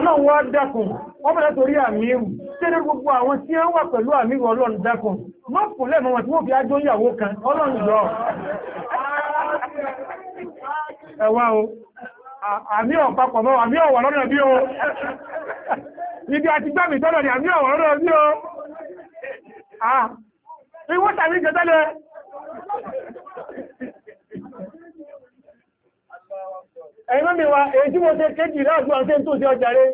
ọlọ́run wá dákun wọ́n bẹ̀rẹ̀ torí àmìrù tẹ́lẹ̀ gbogbo àwọn tí ó wà pẹ̀lú àmìrù ọlọ́run dákun mọ́ fún lẹ́mọ̀ wọn tí wọ́n fi ájó ìyàwó kan ọlọ́run jọ ẹ̀yìn mọ́ mi wa èyí tí mo ṣe kéjì láàájú àti tó ṣe ọjà rẹ̀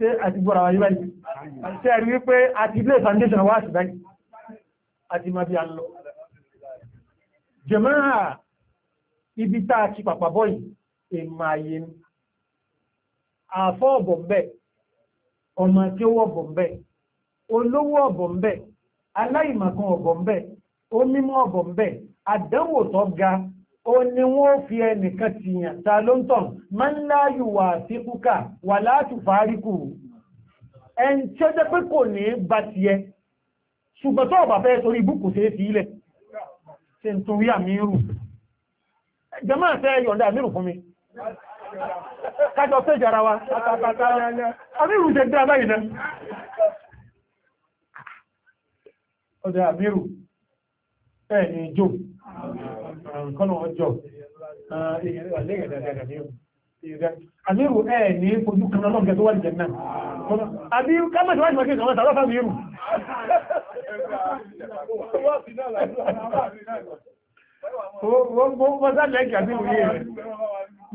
ṣe àti gbọ́ra wáyé báyìí ṣe rí wípé àti ilé foundation wá sí báyìí àti ma bí a lọ jẹmọ́ra ibi táà kí pàpàbọ́ yìí èmà yìí àfọ́ ọ̀bọ̀ bẹ́ẹ̀ ọmọ tí ó wọ̀bọ̀ ń bẹ̀ olówó ọ̀bọ̀ ń bẹ̀ aláìmọ̀kan ọ̀bọ̀ ń bẹ̀ onímọ̀ ọ̀bọ̀ ń bẹ̀ àdánwò tó ga ó ní wọ́n fi ẹnìkan tìyàn ta ló ń tàn máa ń láàyò wà sí kúkà wà láti fàáríkù ẹn tí ó jẹ́ pé kò ní bá tiẹ̀ ṣùgbọ́n tó ọ̀bà fẹ́ torí ibùkù ṣe é fi ilẹ̀ ṣe ń torí àmì rù jẹ́mọ́ àfẹ́ yọ̀ǹda àmì rù fún mi kájọ péjì ara wa àtàbàtà amírù jẹ dá báyìí náà ọdẹ amírù ẹ̀ ní jò kọ́nà ọjọ́ Àmírù ẹ̀ ní ojú kan lọ́gbẹ̀ tó wà ní jẹ̀nà. Àmírù ká mẹ́sàn wájú wájú àwọn tàbí àmírù. Wọ́n gbọ́n gbọ́n sálẹ̀ ẹ̀kì àmírù yìí rẹ̀.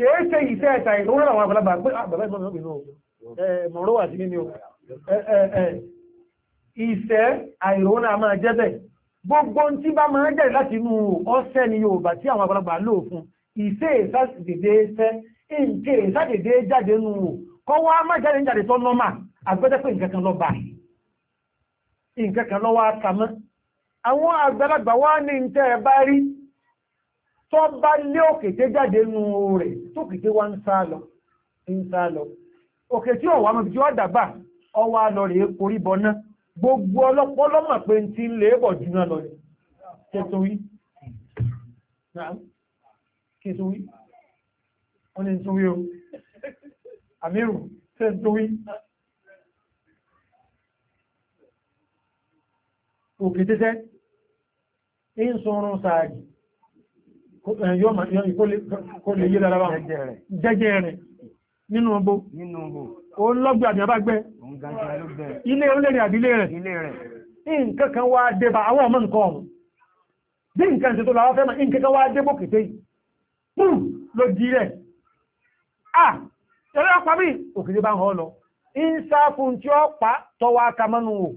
kìí ṣe ìṣẹ́ ẹ̀ta ìrúnrún àwọn àgbàlagbà pé àgbàlagbà ah, ìgbọ́n mi nù mọ̀rọ̀ wà sí nínú ìṣẹ́ àìrúnrún a máa jẹ́ bẹ́ẹ̀ gbogbo tí bá máa jẹ́ láti inú ọ̀sẹ̀ ni Yorùbá tí àwọn àgbàlagbà lò fún ìṣẹ́ ìṣàdédé ṣẹ́ ìṣẹ́ ìṣàdédé jáde nù wò kọ́ wá má jáde ń jáde tó kan kan tó bá lé òkèté jáde nù rẹ̀ tó kèté wá ń sá lọ ń sá lọ òkè tí ọ̀wà mọ̀ tí ó dàgbà ọwà lọ rẹ̀ korí bọná gbogbo ọlọ́pọ̀lọ́mọ̀ pé ń ti lè bọ̀ jùlọ lọ rẹ̀ kẹtùrí kẹtùrí wọ́n ni tún rí o àmírù kẹtùrí òkè tẹ́tẹ́ ń sọrún sáàgì Eh, kó lè yé dára bá jẹ́jẹ́ rẹ̀ nínú ọgbó ó lọ́gbẹ̀ àbí abágbẹ́ ilé orílẹ̀-èdè àbílé rẹ̀ nǹkan kan wá dé bá àwọn ọmọ nǹkan ọ̀hún bí nǹkan ṣe tó làwọn fẹ́ mọ̀ nǹkan wá dé bókèté pùù ló di rẹ̀ ah ẹ̀rọ ọ̀pá pa tọwọ́ akamọ́nù wò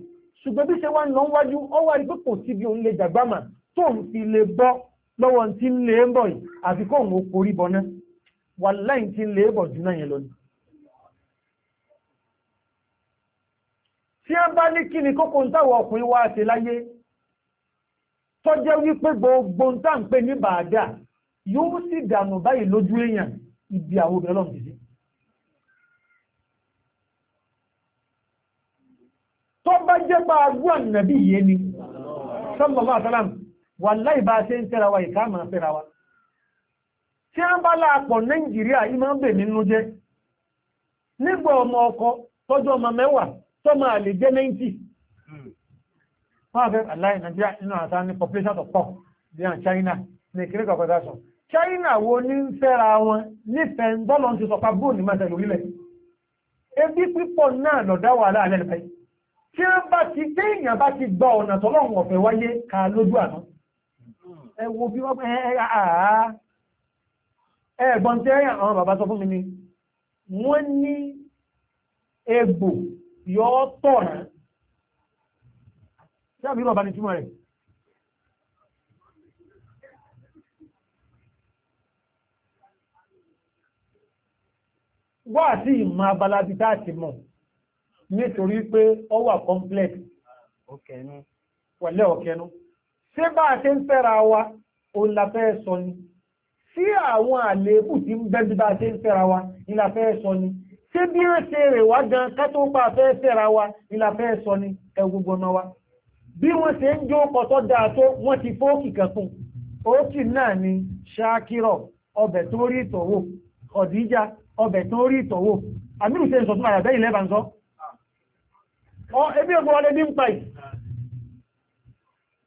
ṣùgbọ́n bí ṣe wá ń lọ wájú ọwọ́ àdìgbò lọ́wọ́ tí ń lè bọ̀ yìí àfi kọ́ òun orí bọ̀ náà wà láì tí ń lè bọ̀ jù náà yẹn lọ ni tí a bá ní kí ni kókó ń táwọn ọkùnrin wá ṣe láyé tọ́jẹ́ wípé gbogbo ń tàn ní bàádà yóò sì dànù báyìí lójú èèyàn ibi àwọn obìnrin lọ́nà dìde tó bá jẹ́ bá agbó ànàbí yé ni sọ́mọ̀ bá sálàmù wàláì bá ṣe ń tẹ́ra wa ìká máa fẹ́ra wa tí a ń bá láàpọ̀ nàìjíríà ìmọ̀ ń bè nínú jẹ́ nígbà ọmọ ọkọ tọ́jú ọmọ mẹ́wàá tó máa lè jẹ́ 90 hmm. wọ́n fẹ́ aláì nàìjíríà nínú àtà ní population of pop bí i China ní ìkíní kọ̀kọ́dá China wo ní ń fẹ́ra wọn nífẹ̀ẹ́ ń bọ́lọ̀ ti ebi pípọ̀ náà lọ̀dá wà láàrẹ̀ tí a bá ti dé èèyàn bá ti gba ọ̀nà tọ́lọ́run ọ̀fẹ́ wáyé ká lójú àná ẹ wo bí wọ́n pẹ́ ẹ̀gbọ́n tí àwọn bàbá sọ fún mi ni wọ́n ní egbò yọ́ tọ̀rọ̀ tí àbí bàbá ni túmọ̀ rẹ̀ wá sí ìmọ̀ abala bí táàtì mọ̀ nítorí pé ó wà complex ọkẹ̀ẹ́nú pẹ̀lẹ́ ọkẹ̀ẹ́nú okay, ṣé bá a ṣe ń fẹ́ra wa òun la fẹ́ sọ ni sí àwọn àléébù tí ń bẹ́bí bá a ṣe ń fẹ́ra wa ni la fẹ́ sọ ni ṣé bí ó ṣe rè wá gan ká tó pa fẹ́ fẹ́ra wa ni la fẹ́ sọ ni ẹ gbogbo ọmọ wa bí wọ́n ṣe ń jó pọ̀tọ́ dáa tó wọ́n ti fóókì kankun ókì náà ni ṣáàkírọ̀ ọbẹ̀ tó rí ìtọ̀wò ọ̀díjà ọbẹ̀ tó rí ìtọ̀wò àmì ìṣẹ́ ìṣọ̀tún àyàbẹ́ ń sọ ẹbí ọgbọ̀n ọdẹ bí ń pa yìí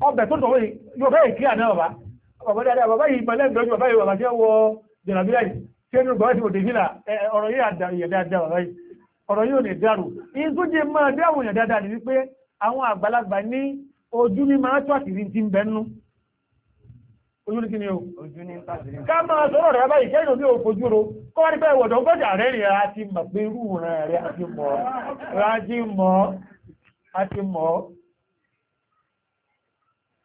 ọbẹ̀ tó tọ̀wé yóò bá ìkíyà náà bàbá bàbá dáadáa bàbá yìí pẹ̀lẹ́ ìgbẹ́jú bàbá yìí bàbá wọ jẹ̀nàbíyà yìí tí ẹnu gbọ́wẹ́ sí òde ọ̀rọ̀ dáadáa bàbá yìí ọ̀rọ̀ mọ̀ mọ̀ mọ̀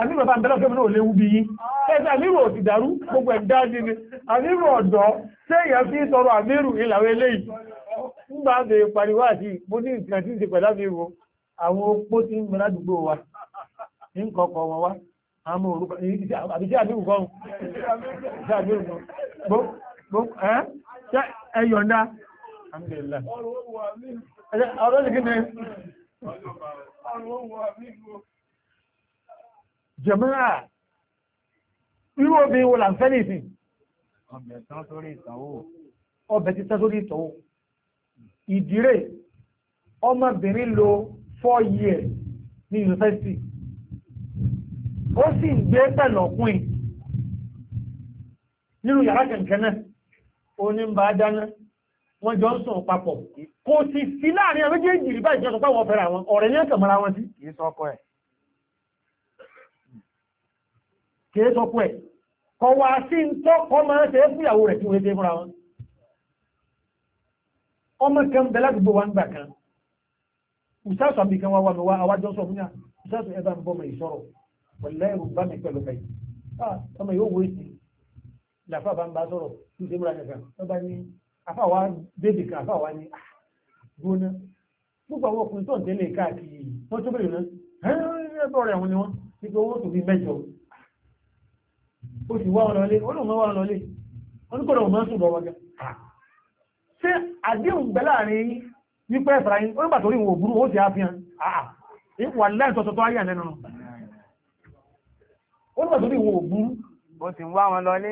àmì bàbá àbẹ́lọ́ fẹ́ mọ́ léwu bí yín ẹ̀sẹ̀ àmìrò ò ti dàrú gbogbo ẹ̀dá nínú àmìrò ọ̀dọ́ sẹ́yìn fi tọrọ àmìrò ìlàwé léyìí nígbà àbẹ̀ pariwo àti mo ní ìtìnà tí ń ṣe pẹ̀lú àmì wo àwọn opó tí ń mìíràn àdúgbò wa ń kọkọ wọn wá àwọn orúkọ àbí sí àmìrò kan sí àmìrò kan gbó ẹ́ ẹ̀yọ̀ndá ọ̀rọ̀ ìgbìnrin jẹ̀mọ́ra irú obìnrin wo là ń fẹ́ lè fi ọbẹ̀ tán sórí ìtọ́wò ọbẹ̀ títẹ́ sórí ìtọ́wò ìdírè ọmọbìnrin lo four years ní yunifásitì ó sì ń gbé pẹ̀lú ọkùnrin nínú yàrá kẹ̀kẹ́ náà ó ní ń bá dáná wọ́n jọ ń sùn papọ̀ kò sì sí láàrin àwọn méjèèjì rí báyìí jẹ́ sọ pé àwọn wọn ọ̀rẹ́ ní ẹ̀kẹ̀ wọn sí. kì ẹ̀. kìí sọpọ̀ ẹ̀ kọ wà sí ń tọ́ kọ máa ṣe fún ìyàwó rẹ̀ tí wọ́n ṣe fúnra wọn ọmọ kan bẹ ládùúgbò wa ń gbà kan ìsáàsù àmì kan wá wà mí wá àwájọ́ sọ fún yà ìsáàsù ẹ bá ń bọ́ mọ̀ ìṣọ́rọ̀ pẹ̀lẹ́ ẹ̀rù bá mi ah, gbogbo àwọn ọkùnrin tó ń tẹ́lẹ̀ káàkiri wọ́n tó bẹ̀rẹ̀ náà ẹ̀rọ rẹ̀ àwọn ni wọ́n ti fi owó tó fi mẹ́jọ ó sì wá ọ̀nà lé olóòmọ́ wá ọ̀nà lé oníkọ̀dọ̀ òmọ́ sùn lọ́wọ́ jẹ́ ah. ṣé àdéhùn gbẹ láàrin yín wípé ẹ̀fà yín ó nígbà tó rí ìwò òbúrú ó sì àfihàn àà ah, ah. wà láì sọ̀tọ̀ tó ayé ànẹ́nu ó nígbà tó rí ìwò òbúrú ó sì ń wá wọn lọ lé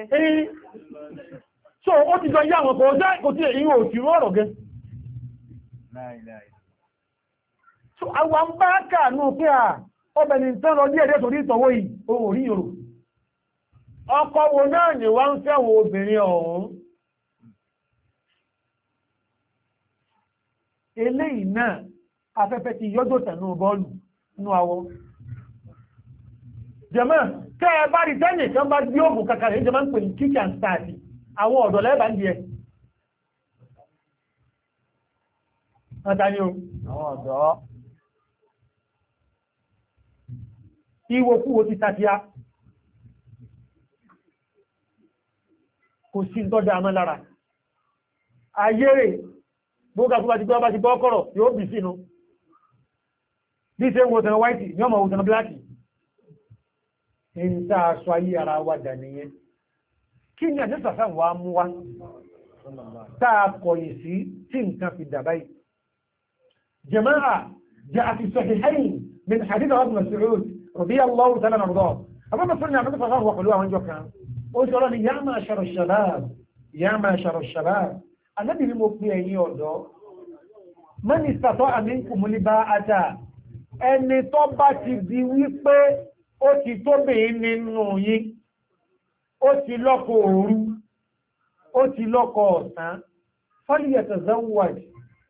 so ó ti jọ yá àwọn kò jẹ́ kò tí èyí ò ti rú ọ̀rọ̀ gẹ so àwọn bá kà nù pé à ọbẹ̀ ní tán lọ díẹ̀ díẹ̀ torí ìtọ̀wọ́ yìí ó rí yòrò ọkọ wo náà ni wá ń fẹ́wọ̀ obìnrin ọ̀hún eléyìí náà afẹ́fẹ́ ti yọ́jọ́ tẹ̀nú bọ́ọ̀lù nú awọ́ jẹ́mọ́ tẹ́ ẹ bá rí tẹ́nì kan bá gbé òògùn kankan rẹ̀ jẹ́mọ́ ń pè ní kick and start àwọn ọ̀dọ́ lẹ́bàá ń di ìwòkúwò ti tàbí kò sí tọ́dá àmọ́ lára ayére gbogbo àtúbà ti gbọ́ bá ti bọ́ kọ́rọ̀ yóò bì sínú bí i ṣe ń wòtàn white ní ọmọ wòtàn black ń tá aṣọ ayé ara wa dà nìyẹn kí ni àti sàfẹ́n wa mú wa táa kọ̀yìn sí tí nǹkan fi dà báyìí ó sọ̀rọ̀ ni yá máa ṣàrọ̀ ṣàbáàbù yá máa ṣàrọ̀ ṣàbáàbù anábì ni mo pe ẹ̀yin ọ̀dọ́ mínísítà tó àmì ń kùmú ní bá ata ẹni tó bá ti di wípé ó ti tóbìnrin nínú yín ó ti lọ́kọ òru ó ti lọ́kọ ọ̀sán fọ́lìyàtọ̀ zawaj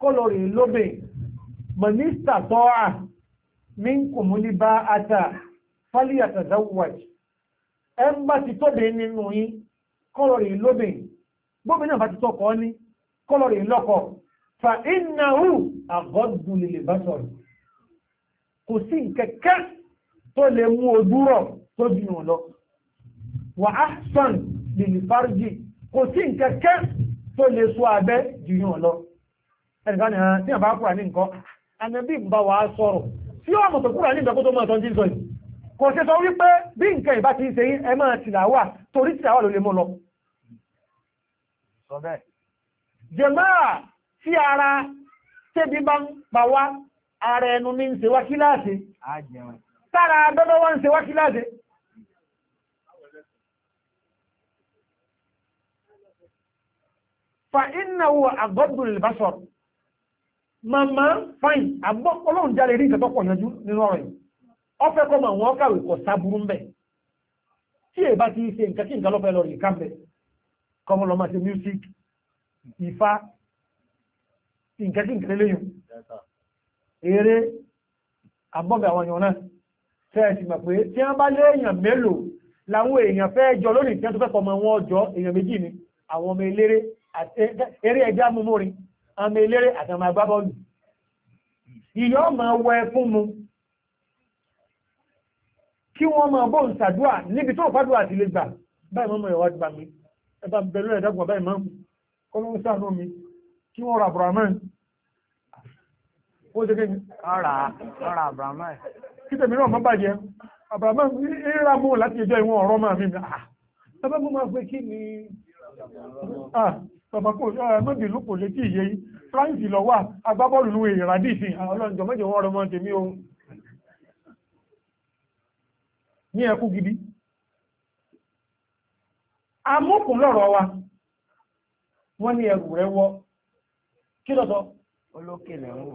kọlọ̀rì lóbè mínísítà tó à ń kùmú ní bá ata fọ́lìyàtọ̀ zawaj ẹ ń bá ti tóbi nínú yín kọ́lọ̀ rè lóbìn bóbi náà bá ti tọkọ ní kọ́lọ̀ rè lọ́kọ fa innahu àgọ́dù lè bá sọ̀rọ̀ kò sí kẹ̀kẹ́ tó lè mú ojú rọ̀ tó jùnà lọ wà á sàn lè lè fárjì kò sí kẹ̀kẹ́ tó lè sọ abẹ́ jùnà lọ ẹnìkan ni àwọn ah, tí àbá kúrà ní nǹkan ànàbí ń bá wa sọ̀rọ̀ tí ó àmọ̀ tó kúrà ní ìgbàkó tó mọ̀ tọ́jú sọ kò ṣe sọ wípé bí nǹkan ìbá ti ń ṣe ẹ máa tìlàwà torí tìlàwà ló lè mú lọ jẹmáà tí ara tẹ́bí bá ń pa wá ara ẹnu ní ń ṣe wá kíláàsì tára abẹ́bẹ́ wá ń ṣe wá kíláàsì fa iná wo àgọ́dù lè bá sọ̀rọ̀ màmá fáìn àgbọ́ ọlọ́run jáde rí ìtẹ́tọ́pọ̀ yanjú nínú ọ̀rọ̀ yìí ọfẹ́ kọ́ mọ̀ wọ́n kàwé kọ̀ sábúrú ń bẹ̀ tí èbá ti ṣe nǹkan kí nǹkan lọ́fẹ́ lọ rí kán bẹ̀ kọmọ ṣe music ìfá nǹkan kí nǹkan léyìn eré abọ́bẹ̀ àwọn èèyàn náà fẹ́ẹ̀sì mọ̀ pé tí wọ́n bá lé èèyàn mélòó làwọn èèyàn fẹ́ jọ lónìí tí wọ́n tó fẹ́ kọmọ wọn jọ èèyàn méjì ni àwọn ọmọ eléré eré ẹja mú mórin ọmọ eléré àtàwọn agbábọ́ọ̀lù ìyọ́ máa wọ ẹkún mu kí wọ́n máa bọ́ ń sàdúà níbi tó fàdúà ti lè gbà báyìí mọ́mọ́ ìwádìí bá mi ẹba bẹ̀rẹ̀ ẹ̀dàgbà báyìí mọ́ kọ́lọ́wọ́ sàánú mi kí wọ́n ra abraman ó jẹ́ kí ara ara abraman kí tèmi náà mọ́ bàjẹ́ abraman ríra mú láti ẹjọ́ ìwọ̀n ọ̀rọ̀ máa mi ẹbá ah, mú máa pé kí ni tọ̀bàkó ah, mọ́bì lóko létí ìyẹyí france lọ wà agbábọ́ọ̀lù ìràdìsìn ah, ọlọ́njọ́ mẹ́jọ wọ́n rọmọ tèmi ohun ní ẹkú gidi amókùn lọ́rọ̀ wa wọ́n ni ẹrù rẹ̀ wọ́ kí lọ́tọ́ olókè lẹ́wọ̀n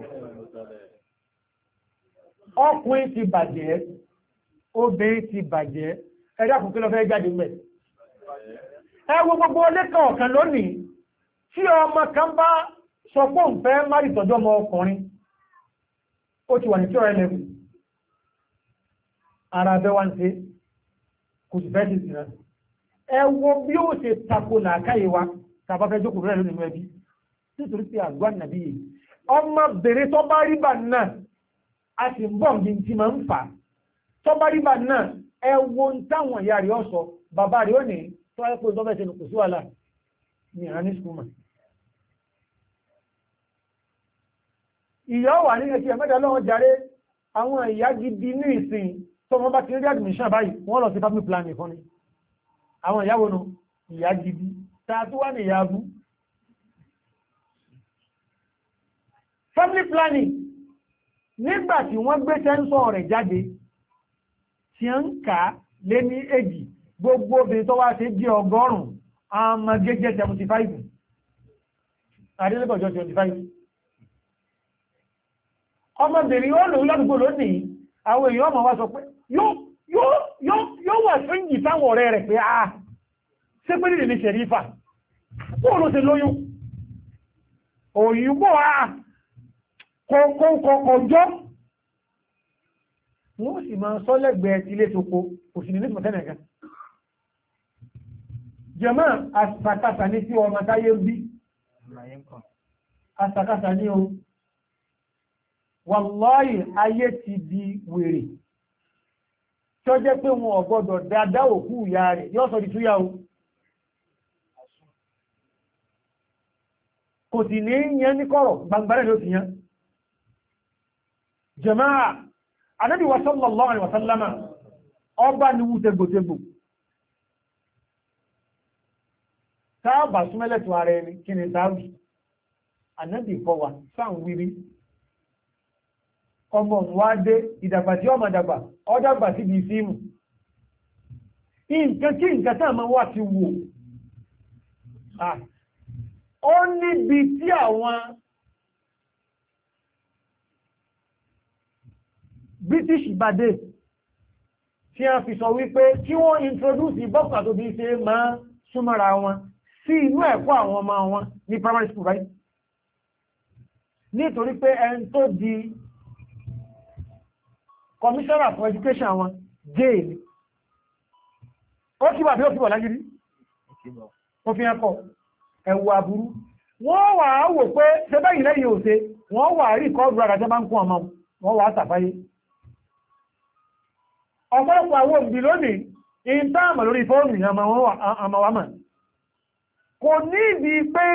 ọkùnrin ti bàjẹ́ obìnrin ti bàjẹ́ ẹ̀dá kùn kí lọ fẹ́ jáde mẹ́ ẹ wo gbogbo lẹ́kàn ọ̀kan lónìí tí ọmọ kan bá sọ pé fẹ́ má ọmọ ọkùnrin ó ti wà ní tí ọ̀rẹ́ ara abẹ́ wá ń ṣe kò sì fẹ́ẹ́ dìsì náà ẹ wo bí ó ṣe tako làákàyè wa tàbá fẹ́ jókòó rẹ̀ nínú ẹbí nítorí pé àgbà nàbí yìí ọmọ bèrè tọ́ba ríbà náà a sì ń bọ̀ ní ti máa ń fà tọ́ba ríbà náà ẹ ń táwọn ìyá rẹ̀ ọ̀sọ̀ bàbá rẹ̀ ó ní tọ́wọ́ pé tọ́fẹ́ ṣe kò sí wàhálà ní ìran ní ìyá wà nílẹ̀ kí ẹ̀mẹ́ta lọ́wọ́ jàre àwọn ìyá gidi ní ìsìn tó wọ́n bá ti rí admission báyìí wọ́n lọ sí family planning fún ni àwọn ìyàwó nu ìyá gidi ta tó wà ní ìyá family planning nígbà tí wọ́n gbé sẹ́ńsọ̀ rẹ̀ jáde tí ń kà lé ní èjì gbogbo obìnrin tó wá sí jẹ́ ọgọ́rùn-ún àmà gẹ́gẹ́ 75 adélẹ́gbọ̀jọ́ 25 ọmọbìnrin ó lòó lọ́dúgbò lónìí àwọn èèyàn ọmọ wá sọ pé yóò wà fíǹgì táwọn ọ̀rẹ́ rẹ̀ pé àà ah, ṣé pé nílẹ̀ ní ṣẹ̀rífà bóò ló ṣe lóyún òyìnbó àà ah, kọ̀ọ̀kọ̀ọ̀kọ̀jọ́ wọ́n sì máa sọ lẹ́gbẹ̀ẹ́ ilé toko òṣìlẹ̀ ní ìtùmọ̀tẹ́nà kan jẹ́mọ́ àṣàkáṣà ní sí ọmọ táyé bí àṣàkáṣà ní ohun wàláyì ayé ti di wèrè tí ó jẹ́ pé wọn ò gbọ́dọ̀ dáadáa òkú ìyá rẹ̀ yóò sọ di túyàwó kò sì ní yẹn ní kọ̀rọ̀ gbangbarẹ̀ ló ti yẹn jàmáà Ànábì wa sallallahu alaihi wa sallama sáàbà súnmẹ́lẹ̀ tó ara ẹni kí ni sáàbì Ànábì kọ́ wa ọmọ wá dé ìdàgbà tí ọmọ dàgbà ọdàgbà sí ibi fíìmù nǹkan tí nǹkan tá àmọ́ wà ti wò ó níbi tí àwọn British bàdé tí a fi sọ wípé kí wọ́n introduce ìbọ́kà tó bí ṣe máa súnmọ́ra wọn sí inú ẹ̀kọ́ àwọn ọmọ wọn ní primary school right nítorí pé ẹn tó di commissioner for education wọn jail ó kí bàbí ó kí bọ̀ lágírí ó fi ẹkọ ẹ̀wù àbúrú wọ́n wà á wò pé ṣẹbẹ́ ìlẹ́ yìí ò ṣe wọ́n wà rí kọ́ọ̀dù ara bá ń kún ọmọ wọn wà á sàfáyé ọ̀pọ̀lọpọ̀ àwọn òbí lónìí in táàmà lórí fóònù àmàwàmà kò ní ìdí pé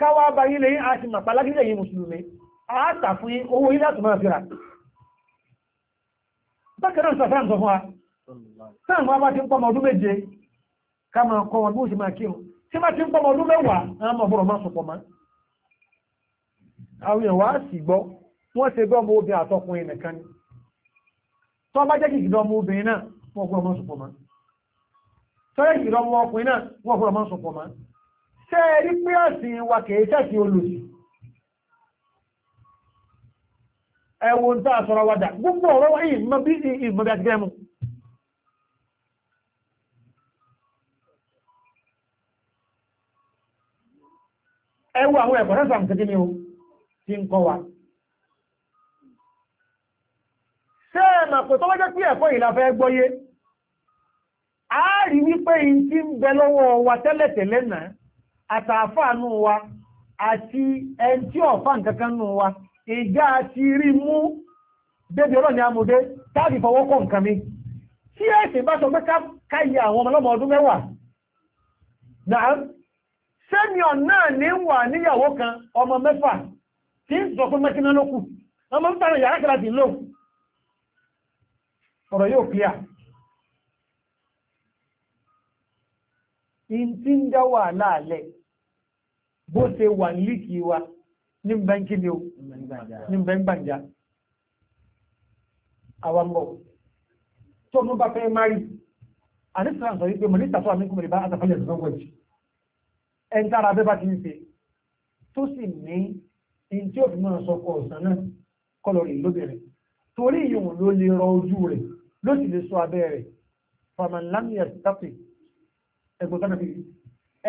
káwà báyí lẹ́yìn àti màpá lágírí ẹ̀yìn mùsùlùmí àátà fún owó ilé àtùmọ̀ fìrà bákanáà sàfáàmù sọ fún wa sáàmù wa bá ti ń ọdún méje ká máa kọ́ wọn bí ó sì máa kírun tí ti ń ọdún mẹ́wàá máa sọ̀pọ̀ máa àwọn èèyàn wá sì gbọ́ wọ́n ṣe gbọ́ ọmọ obìnrin àtọkùnrin nìkan ni bá jẹ́ kìkìdọ̀ ọmọ obìnrin náà wọ́n sọ̀pọ̀ máa kìkìdọ̀ ọmọ ọkùnrin náà wọ́n Ewu nta tàà gbogbo ọ̀rọ̀ wáyé ìmọ̀ bí ìmọ̀bí àti gẹ́mù ẹwọ àwọn ẹ̀kọ́ sẹ́sàm tẹ́kí ni ó ti ń kọ́ wa sẹ́ẹ̀mà pẹ̀ tó wájẹ́ pé ẹ̀kọ́ fẹ́ gbọ́yé a rí wípé in ti ń bẹ lọ́wọ́ wa náà àti ẹn tí ọ̀fà ìjá àti rí mú débi ọlọ́ni amúdé táàbì fọwọ́ kọ́ nǹkan mi tí ẹ̀sìn bá sọ pé káyẹ àwọn ọmọ ọlọ́mọ ọdún mẹ́wàá náà sẹ́niọ̀ náà ní wà níyàwó kan ọmọ mẹ́fà tí ń sọ fún mẹ́kínà lókù ọmọ mẹ́fà rẹ̀ yàrá kìláàtì lò ọ̀rọ̀ yóò kíyà in láàlẹ̀ bó ṣe wà nílìkì wa ní bẹ́ ń kí ni o ní bẹ́ ń gbàjá àwọmọ̀ tó mú bá fẹ́ mari àníṣà sọ wípé mọ̀ ní tàtọ́ àmínkùn mẹ́rin bá àtàfẹ́lẹ̀ ìsọ́gbọ̀n jù ẹn tára bẹ́ bá ti ń ṣe tó sì ní in tí ó fi máa sọ kọ ọ̀sán náà kọlọ̀ rẹ̀ lóbìnrin torí ìyóhun ló lè rọ ojú rẹ̀ ló sì lè sọ abẹ́ rẹ̀ famalamiya tàpé ẹgbẹ́ tánàfi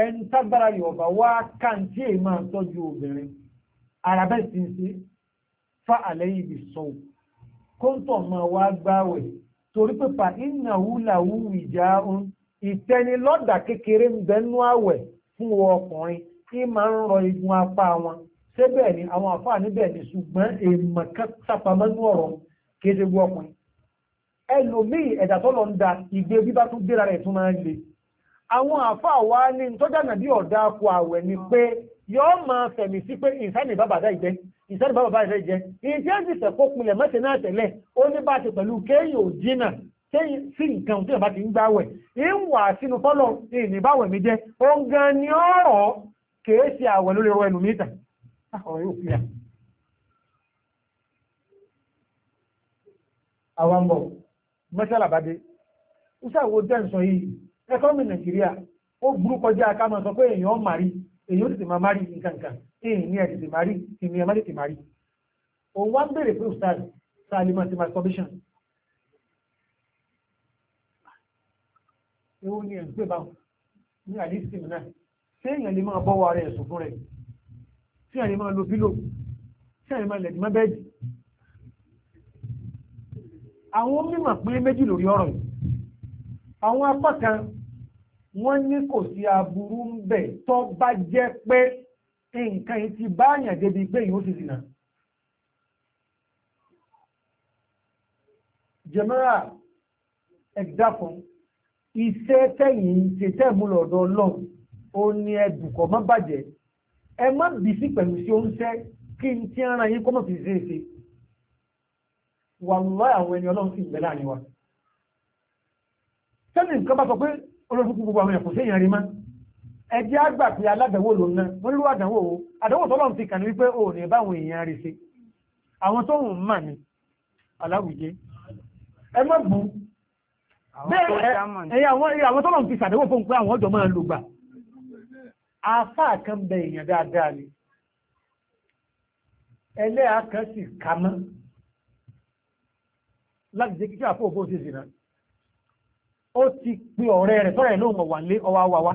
ẹn tágbára yọ̀ọ̀bà wá káńtì èèmà tọ́jú obìnrin àràbẹ́ ti ń ṣe fa àlẹ́yìn ibi sọ́ọ̀ kóńtọ̀ máa wá gbáwẹ̀ torí pé fa iná wúláwú ìjà ń ìtẹnilọ́dà kékeré ń bẹnú àwẹ̀ fún ọkùnrin kí máa ń rọ igun apá wọn síbẹ̀ ni àwọn àfáà níbẹ̀ ni ṣùgbọ́n èèmọ̀ sápamọ́nú ọ̀rọ̀ kéde gbọ́ ọkùnrin ẹlòmíì ẹ̀dà tó lọ ń da ìgbé bíbá tó gbéra rẹ̀ tó máa ń le àwọn àfáà wá ní tọ́jà nàbí ọ̀dà akọ àwẹ̀ ni pé yọ́ máa fẹ̀mí sí pé ìsáni bàbàdá ìjẹ́ ìsáni bàbàdá ìjẹ́ jẹ́ ìjẹ́ ń dìtẹ̀ kó pinlẹ̀ mẹ́tẹ̀ náà tẹ̀lẹ̀ ó ní bá ti pẹ̀lú kéyìn òjínà kéyìn sí nǹkan tí ìbá ti ń gbáwẹ̀ ń wà sínú fọ́lọ̀ ìní mi jẹ́ ó ń gan ni ọ̀rọ̀ kèé ṣe àwẹ̀ lórí ọwọ́ ẹnu mítà ah, ọ̀rọ̀ yóò fi àwọn bọ̀ mẹ́sàlá bá dé ìṣàwò dẹ́nsọ yìí ẹkọ́mì Nàìjíríà ó burú kọjá ká máa sọ pé èèyàn èyí ó sì máa má rí nǹkankan èyí ní ẹ̀sì ti má rí ìní ẹ̀má tètè má rí òun wá ń bèèrè pé ustaz salima ti masturbation ewu ni ẹ̀gbẹ́ bá ní àdísìm náà ṣé èèyàn lè máa bọ́wọ́ ara ẹ̀sùn fún rẹ̀ tí èèyàn lè máa lo pílò tí èèyàn lè máa lẹ̀dí mẹ́bẹ́ẹ̀dì àwọn mímọ̀ pé méjì lórí ọ̀rọ̀ yìí àwọn apá kan wọ́n ní kò sí aburú ń bẹ̀ tó bá jẹ́ pé nǹkan ti báyàn débi pé yóò sì dìnà. jẹ́mọ́ra ẹ̀dá kan iṣẹ́ tẹ̀yìn ṣe tẹ̀mú lọ́dọ̀ ọlọ́run ó ní ẹ̀dùnkọ̀ má bàjẹ́ ẹ má bì sí pẹ̀lú sí oúnjẹ kí n ti ara yín kọ́ fi ṣe é ṣe àwọn ẹni ọlọ́run sì ń bẹ sẹ́ni nǹkan bá sọ pé olóṣùkú gbogbo àwọn ẹ̀kọ́ séèyàn rí má ẹjẹ́ àgbà pé aládàáwò ló ná wọ́n rírú àdánwò o àdánwò tó lọ́n ti kàn ní wípé o ò ní bá àwọn èèyàn rí sí àwọn tó ń mà ní aláwùjẹ ẹ má bù bẹ́ẹ̀ ẹ̀yà àwọn tó lọ́n ti sàdánwò fún pé àwọn ọjọ́ máa lùgbà afá kan bẹ èèyàn dáadáa ni ẹlẹ́yà kan sì kà mọ́ láti jẹ́ kíkẹ́ àpò òfò ṣe sì náà ó ti pe ọ̀rẹ́ rẹ̀ tọ́rẹ̀ lóhùn ọ̀wà lé ọwá wa wá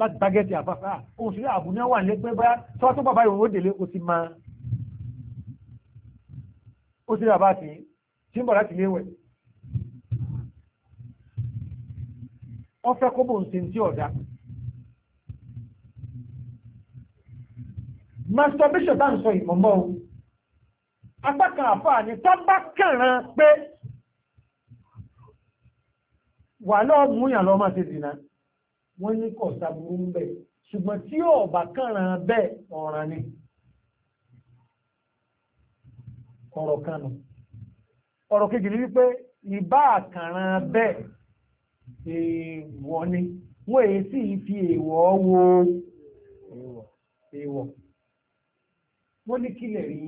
láti tágẹ́tì àfáfá òṣèré àbúní wà lé pé bá tọ́wọ́ tó bàbá ìròyìn ó délé ó ti máa ó ti bàbá ti tí ń bọ̀ láti léwẹ̀ ó fẹ́ kó bòun ṣe tí ọ̀dá masturbation tá ń sọ ìmọ̀mọ́ o apá kan àfáà ni tó bá kàn pé wà lọ́ọ̀ múyàn lọ́ọ́ máa ṣe dìnnà wọ́n ní kọ̀ sàbúrú ń bẹ̀ ṣùgbọ́n tí ọ̀bà kànràn bẹ́ẹ̀ ọ̀ràn ni ọ̀rọ̀ kanu ọ̀rọ̀ kejì ni wípé ìbá àkànràn bẹ́ẹ̀ èèwọ̀ ni wọ́n èyí sì fi èèwọ̀ wo èèwọ̀ wọ́n ní kílẹ̀ rí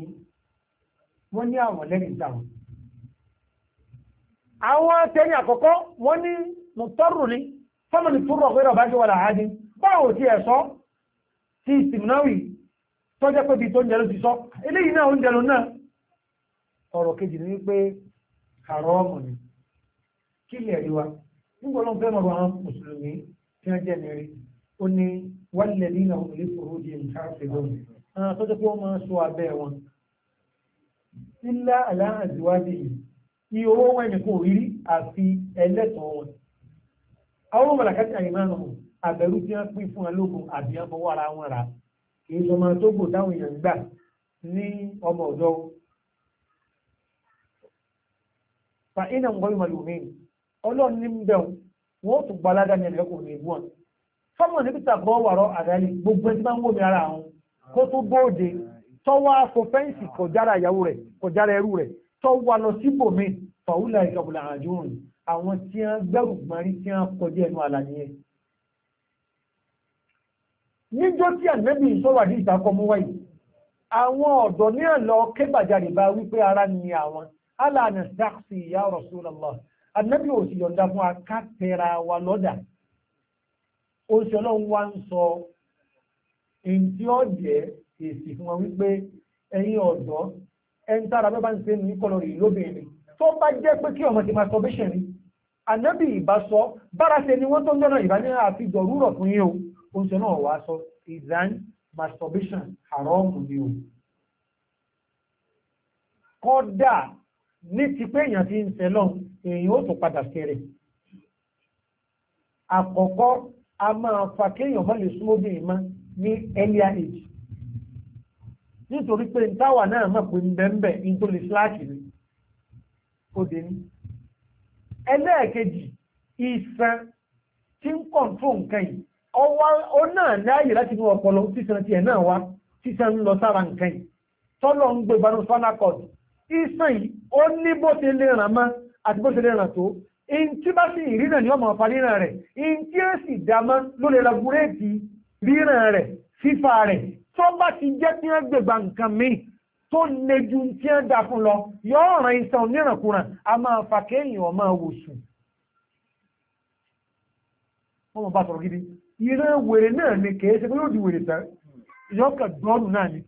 wọ́n ní àwọn lẹ́yìn táwọn àwọn tẹni àkọ́kọ́ wọ́n ní mùtọ́rù ní fọ́mọ̀lì tó rọ̀ pẹ́rọ bá jẹ́ wọ́n àádí báwo tí ẹ̀ sọ ti ìsìmìnáwì tó jẹ́ pé bí tó ń jẹ́lú ti sọ eléyìí náà ń jẹ́lú náà ọ̀rọ̀ kejì ní pé haramu ni kí lè rí wa nígbà ló ń Ni owó wọn ẹnìkan òrírí àfi ẹlẹ́tọ̀ọ́ wọn àwọn mọ̀làkàtì àyèmánu àbẹ̀rù tí wọ́n pín fún wọn lógun àbí wọn fọwọ́ ara wọn rà kì í sọmọ tó gbò táwọn èèyàn gbà ní ọmọ ọ̀dọ́ fa iná ń gbọ́ ìmọ̀ lómi ọlọ́run ní bẹ́ẹ̀ wọ́n tún gbalága ní ẹ̀lẹ́kùn ní ìbú wọn fọ́mọ̀ níbi tàbọ̀ wàrọ̀ àdáyé gbogbo ẹni bá ń wò ara àwọn kó tó bóde tọ́wọ́ afọ fẹ́ǹsì kọjára ìyàwó rẹ̀ kọjára ẹrú rẹ̀ tó wà lọ síbòmí fàúlà ìkàbùlà àjòrìn àwọn tí a gbẹ́rù gbọ́nrí tí a kọjá ẹnu àlàyé níjọ́ tí ànẹ́bì ìṣọ́wà ní ìtàkọmú wáyé àwọn ọ̀dọ́ ní àlọ́ kébàjarè bá wípé ara ni àwọn aláàna sáàkì ya Rasulullah ànẹ́bì ò sì yọ̀ǹda fún akátẹ́ra wa lọ́dà oṣìọlọ́run wá ń sọ èyí tí ó jẹ́ èsì fún wọn wípé ẹ̀yin ọ̀dọ́ ẹni tára bẹ́ẹ̀ bá ń ṣe ní kọlọ̀ rí lóbìnrin tó bá jẹ́ pé kí ọmọ ti máa sọ bẹ́ṣẹ̀ rí ànábì ìbá sọ bára ṣe ni wọ́n tó ń dọ́nà ìbá ní àfi dọ̀rúrọ̀ fún yín o oúnjẹ náà wà sọ ìdán masturbation àrọ́ọ̀mù ni o kọ́dà ní ti pé èèyàn ti ń sẹlọ́n èèyàn ó tún padà fẹ́rẹ̀ àkọ́kọ́ a máa fa kéèyàn má lè súnmọ́ bí ìmá ní earlier age nítorí pé ntáwà náà mọ̀ pé nbẹ̀nbẹ̀ nítorí síláàkì ni ó dé ní. ẹlẹ́ẹ̀kejì ìsan tí ń kọ̀ǹtró nǹkan yìí ọwọ́ ó náà láàyè láti inú ọpọlọ sísan tiẹ̀ náà wá sísan ń lọ sára nǹkan yìí tọ́lọ̀ ń gbé ìbánu spinal cord ìsan yìí ó ní bó ṣe lè ràn mọ́ àti bó ṣe lè ràn tó in tí bá sì ìrìnà ni ọmọ ọ̀fàlíràn rẹ̀ in tí ó sì dá mọ́ ló lè ra búrẹ́ẹ̀tì ríràn rẹ̀ fífa rẹ̀ tó bá ti jẹ́ tí wọ́n gbègbà nǹkan míì tó le tí wọ́n dà fún lọ yóò ràn iṣan onírànkúràn a máa fa kéèyàn ọmọ wò sùn. wọ́n mọ̀ bá sọ̀rọ̀ gidi ìrẹ́ wèrè náà ni kèé ṣe pé yóò di wèrè tán yóò kàn náà ni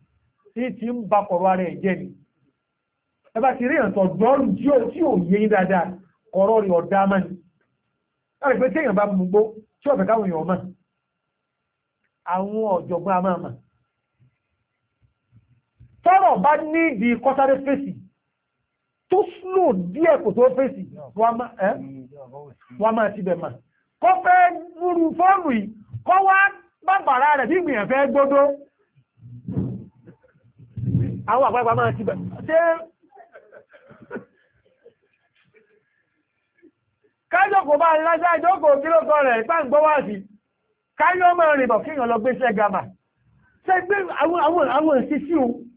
tí ti ń ba kọ̀rọ̀ ara ẹ̀ jẹ́ ni. ẹ bá ti rí ìrìntàn dọ́ọ̀lù tí ò yé yín dáadáa kọ̀rọ̀ rẹ̀ ọ̀dá mọ́ ni. láti pé tí èèyàn bá mú gbó tí ọ̀fẹ́ káwọn èèyàn mọ̀ àwọn ọ̀jọ̀gbọ́n a máa mọ̀ bá ní ìdí kọ́sáré fèsì tó slow díẹ̀ kò tó fèsì wọ́n máa ti bẹ̀ máa kọ́ fẹ́ múrú fọ́ọ̀nù yìí kọ́ wá bàbàrà rẹ̀ bí ìgbìyàn fẹ́ gbódó àwọn àpapà máa ti bẹ̀ ṣe kájọ́kò bá lásá ìjọ́kò kílókọ rẹ̀ ìpáǹgbọ́ wá sí káyọ́ máa rìnbọ̀ kíyàn lọ gbéṣẹ́ gàmà ṣe gbé àwọn ìsísí ohun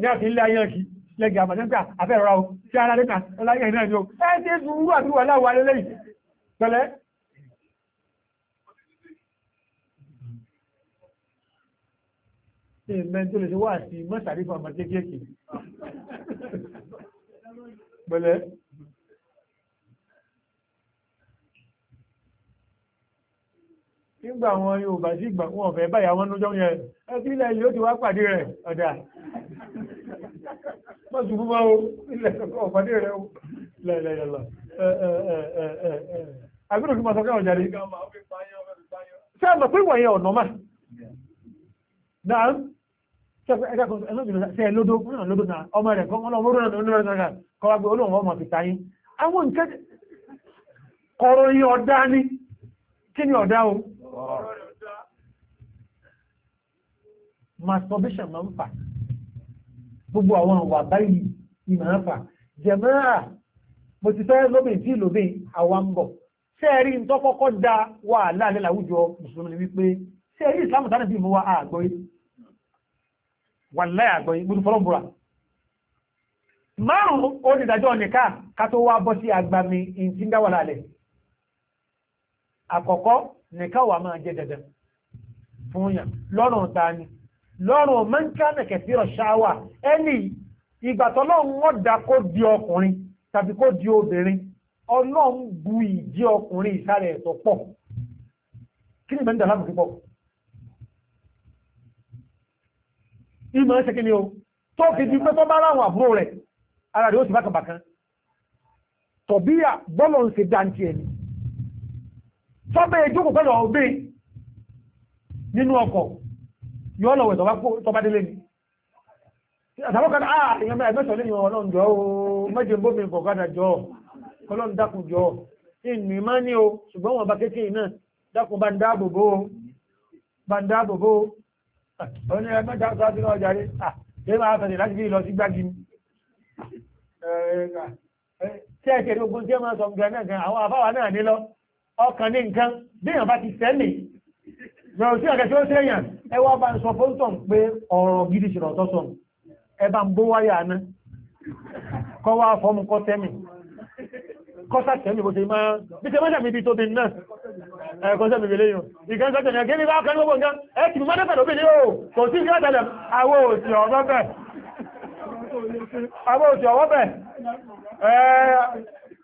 ní àti ilé ayé ọ̀kì lẹ́gbẹ̀ẹ́ àmàdẹ́gbà àfẹ́rọ̀ o tí ara lẹ́gbà ọláyé ìrìn àjò ẹ ti sùúrù àti wà láwà lẹ́lẹ́yìn pẹ̀lẹ́ ìmẹ́ tó lè ṣe wà sí mọ́sàrífà mọ́ nígbà wọn Yorùbá sí ìgbà wọn ọ̀fẹ́ báyà wọn lójọ́ yẹn ẹbí ilẹ̀ yìí ó ti wá pàdé rẹ̀ ọ̀dà mọ́ sùn fún wa o ilẹ̀ ọ̀pàdé rẹ̀ o lẹ́lẹ́lẹ́lọ agbẹ́rò kí mo sọ káwọn jáde sáà mọ̀ pé wọ̀nyẹn ọ̀nà mà náà ẹgbẹ́ kan ẹlọ́dún sí ẹlọ́dún náà lọ́dún náà ọmọ rẹ̀ kọ́ ọmọ rẹ̀ lọ́dún náà kọ́ wá gbé olóhùn ọmọ fìtá yín àwọn nǹkan kọ̀rọ̀ yín ọ̀dá ni kí ni ọ̀dá o masturbation máa ń fà gbogbo àwọn àwà báyìí ni máa ń fà jẹ̀mẹ́rà mo ti fẹ́ lóbìn tí lóbìn àwa ń bọ̀ sẹ́ẹ̀rí ń tọ́kọ́kọ́ da wàhálà alẹ́ làwùjọ mùsùlùmí wípé sẹ́ẹ̀rí ìsìlámù tánà bí mo wá àgbọ́ yìí wà láì àgbọ́ yìí gbogbo fọlọ́n búra márùn-ún ó ní ìdájọ́ nìka ká àkọ́kọ́ nìkan wà máa jẹ́ dandan fún yàn lọ́rùn ta ni lọ́rùn mẹ́ńkánà kẹfì ọ̀ṣáwà ẹni ìgbàtọ̀ lọ́rùn wọ́n dá kó di ọkùnrin tàbí kó di obìnrin ọlọ́run bu ìdí ọkùnrin ìsàlẹ̀ ẹ̀tọ́ pọ̀ kí ni mẹ́ńdà lábùkú pọ̀ ìmọ̀ ẹ̀ṣẹ̀ kí ni o tó fi di pé bá ráwọn àbúrò rẹ̀ ara rẹ̀ ó sì bákàbàkan tọ̀bíyà bọ́lọ̀ ń ṣe dáńtì ẹni sọ́bẹ̀ ìjókòó pẹ̀lú ọ̀bẹ̀ nínú ọkọ̀ yọ́ lọ̀wẹ̀ tọba délé ni àtàwọ́kàdá ààrìyàn mẹ́sàn lè yàn ọlọ́run jọ oó méje bóbi kọ̀kadà jọ ọlọ́run dákun jọ inú ìmá ní o ṣùgbọ́n wọn bá kéèkéè náà dákun bá ń dáàbòbò bá ń dáàbòbò ọ̀nà ah, ẹgbẹ́ dákun sínú ọjà rí àti ah, máa fẹ̀lẹ̀ láti bí ìlọ sí gbági tí ẹ̀kẹ́ ní ogun tí ẹ máa sọ gan náà gan àwọn àfáwà náà nílọ ọkàn ní nǹkan déèyàn bá ti sẹ́lẹ̀ rẹ̀ sí ọ̀gẹ̀ tí ó sẹ́yàn ẹ wá bá ń sọ fóńtọ̀n pé ọ̀rọ̀ gidi ṣe rọ̀tọ́ sọ ẹ bá ń bó wáyà aná kọ́ wá fọ́mù kọ́ tẹ́mì kọ́ sàtẹ́mì bó ṣe máa bí ṣe mọ́ṣà níbi tó bí náà ẹ kọ́ sẹ́mi bèlè yàn ìgbọ́n sọ́tẹ̀ ní ọ̀gẹ́ni bá ọkàn ní gbogbo nǹkan ẹ kì í mọ́ dẹ́sẹ̀ lóbi ní o kò sí ìgbà tẹ̀lẹ̀ àwọn òsì ọ̀wọ́ bẹ̀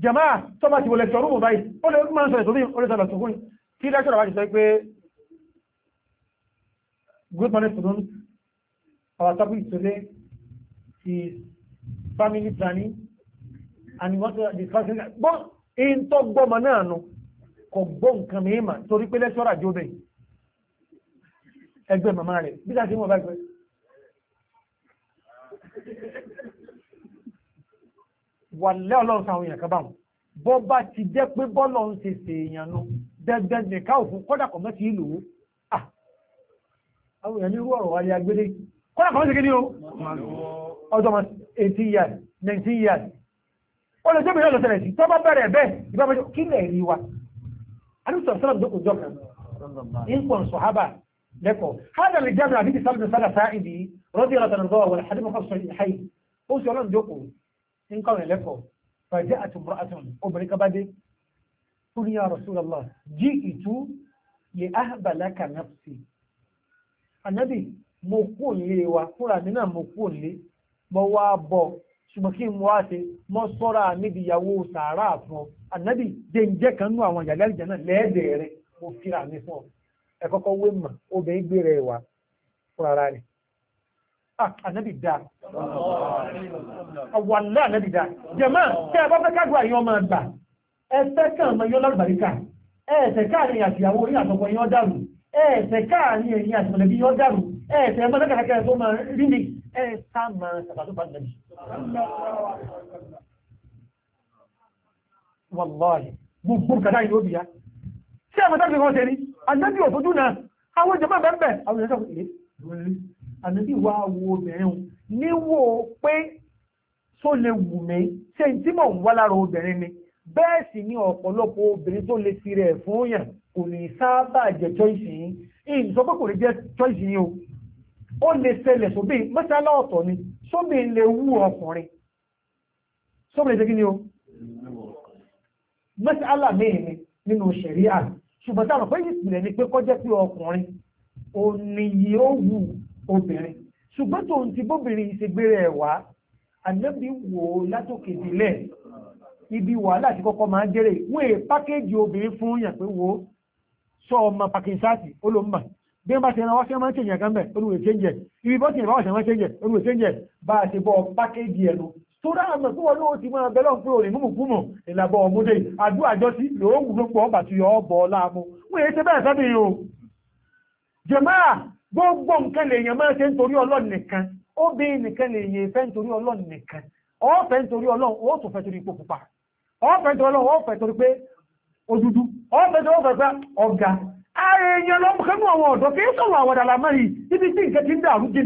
Jama, tó bá ti wọlé ṣọ̀rún mọ̀ báyìí ó lè máa ń sọ̀rọ̀ ìtòrí orísọ̀rọ̀ ṣùgbọ́n tí lẹ́ṣọ̀rọ̀ wá ti sọ pé good morning students our topic today is family planning and we want to discuss gbọ́n in tó gbọ́mọ náà nù kò gbọ́ nǹkan mìíràn torí pé lẹ́ṣọ̀rọ̀ àjọ bẹ́ẹ̀ ẹgbẹ́ màmá rẹ̀ bí wàlẹ́ ọlọ́run sáwọn èèyàn kan báwọn bọ́ bá ti jẹ́ pé bọ́lọ̀ ń ṣe ṣe èèyàn nu dẹ́gbẹ́ nìka òfin kọ́dà kọ́ mọ́ ti ìlú àwọn èèyàn ní irú ọ̀rọ̀ wáyé agbélé kọ́dà kọ́ mọ́ ti kí ni o ọjọ́ mọ́ eighteen years nineteen years ó lè jẹ́bi náà lọ sẹ̀rẹ̀ sí tó bá bẹ̀rẹ̀ bẹ́ẹ̀ ìbá bẹ́ẹ̀ kí lè rí wa àdúgbò sọ̀rọ̀ dókòó In kawai rẹ̀ lẹ́kọ̀ọ́ fàjẹ́ àti mùràtún obìnrin kan bá dé ó ya jí ìtú lè áhàbàlákà nafsi ànábì mo kú òlé wa fúnra mi náà mo kú òlé mo wá bọ̀ ṣùgbọ́n kí n mú wá ṣe mọ́ sọ́ra níbi ìyàwó sàárà fún ọ ànábì jẹ́ǹjẹ́ kan nú Ah, ànábì dá àwàlá ah, ànábì dá jẹ̀mọ́ tẹ́ ẹ bá fẹ́ kájú àyàn máa gbà ẹsẹ̀ kan máa yọ lálùbáríkà ẹsẹ̀ káàrin àtìyàwó orí àtọkọ yẹn dàrú ẹsẹ̀ káàrin ẹ̀yìn àtìmọ̀lẹ́bí yẹn dàrú ẹsẹ̀ ẹ̀mọ́ lẹ́kàkẹ́ tó máa rí mi ẹ̀ẹ́sà máa ṣàbàtó bá nàbì. wàláhì gbogbo kàdá ìlú òbí ya ṣé àmọ́tàbí wọn ṣe rí ànábì òfojú náà àwọn ìjọba bẹ́ẹ̀ bẹ́ẹ̀ àwọn ìjọba ànábì wá wo obìnrin òun níwò pé tó lè wù mí ṣé n tí mò ń wá lára obìnrin ni bẹ́ẹ̀ sì ni ọ̀pọ̀lọpọ̀ obìnrin tó lè fi rẹ̀ fún yàn kò ní sábà jẹ́ choice yìí ìyìn sọ pé kò lè jẹ́ choice yìí o ó lè ṣẹlẹ̀ sóbì mọ́ṣálá ọ̀tọ̀ ni sóbì lè wú ọkùnrin sóbì lè ṣe kí ni o mọ́ṣálá mẹ́rin nínú ṣẹ̀ríà ṣùgbọ́n táwọn pé ìpìlẹ̀ ni pé kọjá pé ọkùnrin òní yìí ó wù obìnrin ṣùgbọ́n tó ń ti bóbìnrin ìṣègbére ẹ̀ ànábì wò ó látòkè délẹ̀ ibi wàhálà tí kọ́kọ́ máa ń jẹ́rè wọ́n èè pákéjì obìnrin fún yàn pé wò ó sọ ọmọ pàkínsáàtì ó ló ń mà bí wọ́n bá ti ran wá sí ọmọ ṣèyàn kan bẹ̀ olùwé ṣéńjẹ̀ ibi bọ́sìn ìbáwọ̀ ṣàwọn ṣéńjẹ̀ olùwé ṣéńjẹ̀ bá a ṣe bọ́ pákéjì ẹnu tó rá àmọ̀ tó wọ́n ló ti máa bẹ́lọ̀ pé gbogbo nǹkan lèèyàn máa ṣe nítorí ọlọ́run nìkan ó bí nìkan lèèyàn fẹ́ nítorí ọlọ́run nìkan ó fẹ́ nítorí ọlọ́run ó tún fẹ́ torí ipò pupa ó fẹ́ nítorí ọlọ́run ó fẹ́ torí pé òdúdú ó fẹ́ torí ọfẹ́ pé ọ̀gá ara èèyàn lọ́mọkánú àwọn ọ̀dọ́ kí sọ̀rọ̀ àwọ̀dà làmọ́ yìí ibi tí nǹkan ti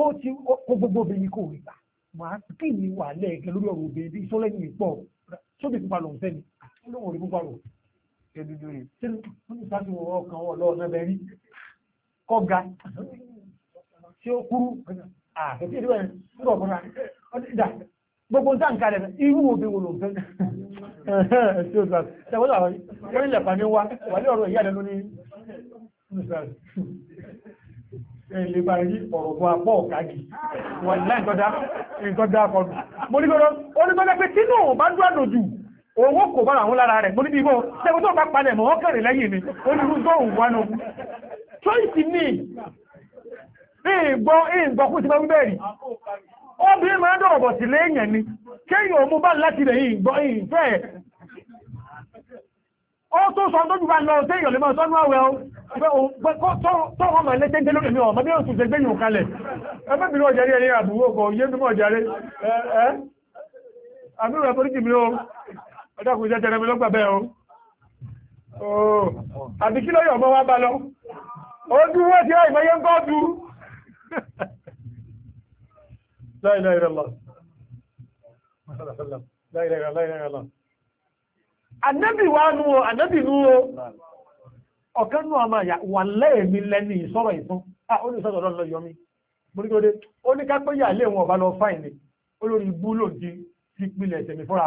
ó ti kó gbogbo obìnrin kò ni wà lẹ́ẹ̀kẹ́ lórí ọ̀rọ̀ obìnrin bí ìsọ́lẹ́yìn ìpọ̀ sóbì pupa lòun fẹ́ ni olóhùn kọ́ga tí ó kúrú àti ìlú ẹ̀ púpọ̀ fúnra dà gbogbo tá nǹkan rẹ̀ irú òbí wo ló ń fẹ́ sí òṣùwà tẹ̀wọ́n àwọn wọ́n ilẹ̀ pàmí wá wà ní ọ̀rọ̀ ìyá lẹ́nu ní ilé bá rí ọ̀rọ̀ bọ́ apọ́ ọ̀kági wà ní láìkọ́dá ìkọ́dá akọ̀dù mo ní gbọ́dọ̀ ó ní gbọ́dọ̀ pé tí náà bá dúrà lójú owó kò bára àwọn lára rẹ̀ mo ní bí bọ́ choice ni ìgbọ́ ìgbọ́ kú ti máa ń bẹ̀rì obìnrin máa ń dọ̀rọ̀ bọ̀ sí léèyàn ni kéèyàn mú bá láti rẹ̀ ìgbọ́ ìfẹ́ ó tó sọ tó jùbá lọ téèyàn lè máa sọ́nú àwẹ̀ tọ́wọ́ máa lẹ́tẹ́ tẹ́lú mi ọmọ bí oṣù tẹgbẹ́ yìí kalẹ̀ ẹgbẹ́bìnrin ọjàrí ẹni àbúrò ọkọ̀ yé o àbíkí lọ́yọ̀ ọmọ wá bá lọ ojú wọ́n ti ráì mẹ́yẹ́ ń kọ́ ju láìláìrẹ́lá láìláìrẹ́lá ànábì wá nú o ànábì nú o ọ̀kan nú àmà àyà wà lẹ́ẹ̀mí lẹ́ni ìsọ́rọ̀ ìfún ah ó ní sọ́dọ̀ lọ́nà yọmí mo ní kí ó dé ó ní kápẹ́ yà lé wọn ọba lọ fáìn ni olórí ibú ló di ti pilẹ̀ tẹ̀mí fúnra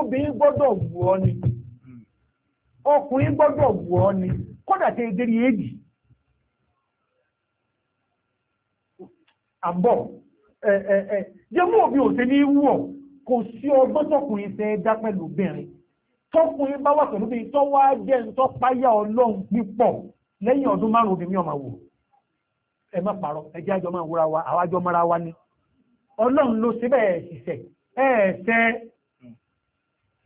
obìnrin gbọ́dọ̀ wù ọ́ ni hmm. ọkùnrin gbọ́dọ̀ wù ọ́ ni kódà tẹ ìdérí èjì àbọ̀ jẹ́mú òbí ò tẹ́ ní wù kò sí ọgbọ́n tọkùnrin fẹ́ dá pẹ̀lú obìnrin tọkùnrin bá wà pẹ̀lú obìnrin tó wá jẹ́ ń páyà ọlọ́run pípọ̀ lẹ́yìn ọdún márùn-ún obìnrin ọmọ ẹ má parọ́ àjọ máa wúra wa àwájọ mara wa ni ọlọ́run ló ṣe bẹ́ẹ̀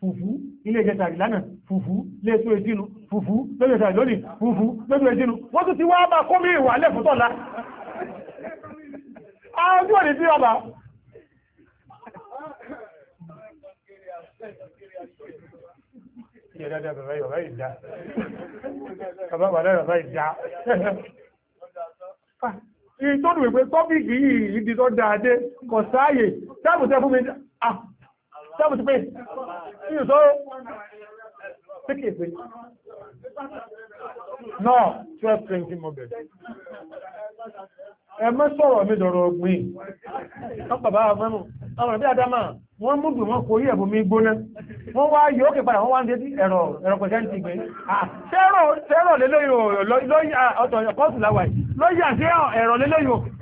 fùfú ilé ìjẹta ìlànà fùfú lẹ́sọ ìsinu fùfú lẹ́sọ ìsinu lónìí fùfú lẹ́sọ ìsinu wọ́n tún ti wá bá kó mi ìwà lẹ́fù tọ́lá ọdún òní tí ọba ìtọ́nù ìpé tọ́bíkì yìí ìdí tó dáadé kọ̀ sáàyè tábùtẹ́ fún mi ah Tell me to sẹ́wù ti pé yìí tó tíkì pé náà 1220 mọ̀ bẹ̀rẹ̀ ẹmọ́ sọ̀rọ̀ mi dọ̀rọ̀ ọgbìn ọpàbá ọgbẹ́mù ọmọ ìbí adama wọ́n mú dùn wọ́n kò rí ẹ̀bùn mi gbóná wọ́n wá yóò kè padà wọ́n wá ń dédí ẹ̀rọ ẹ̀rọ pẹ̀sẹ̀ntì gbé tẹ́rọ̀ lélẹ́yìn ọ̀tọ̀ ọ̀kọ́sùn láwàá lọ́yà sí ẹ̀rọ lélẹ́yìn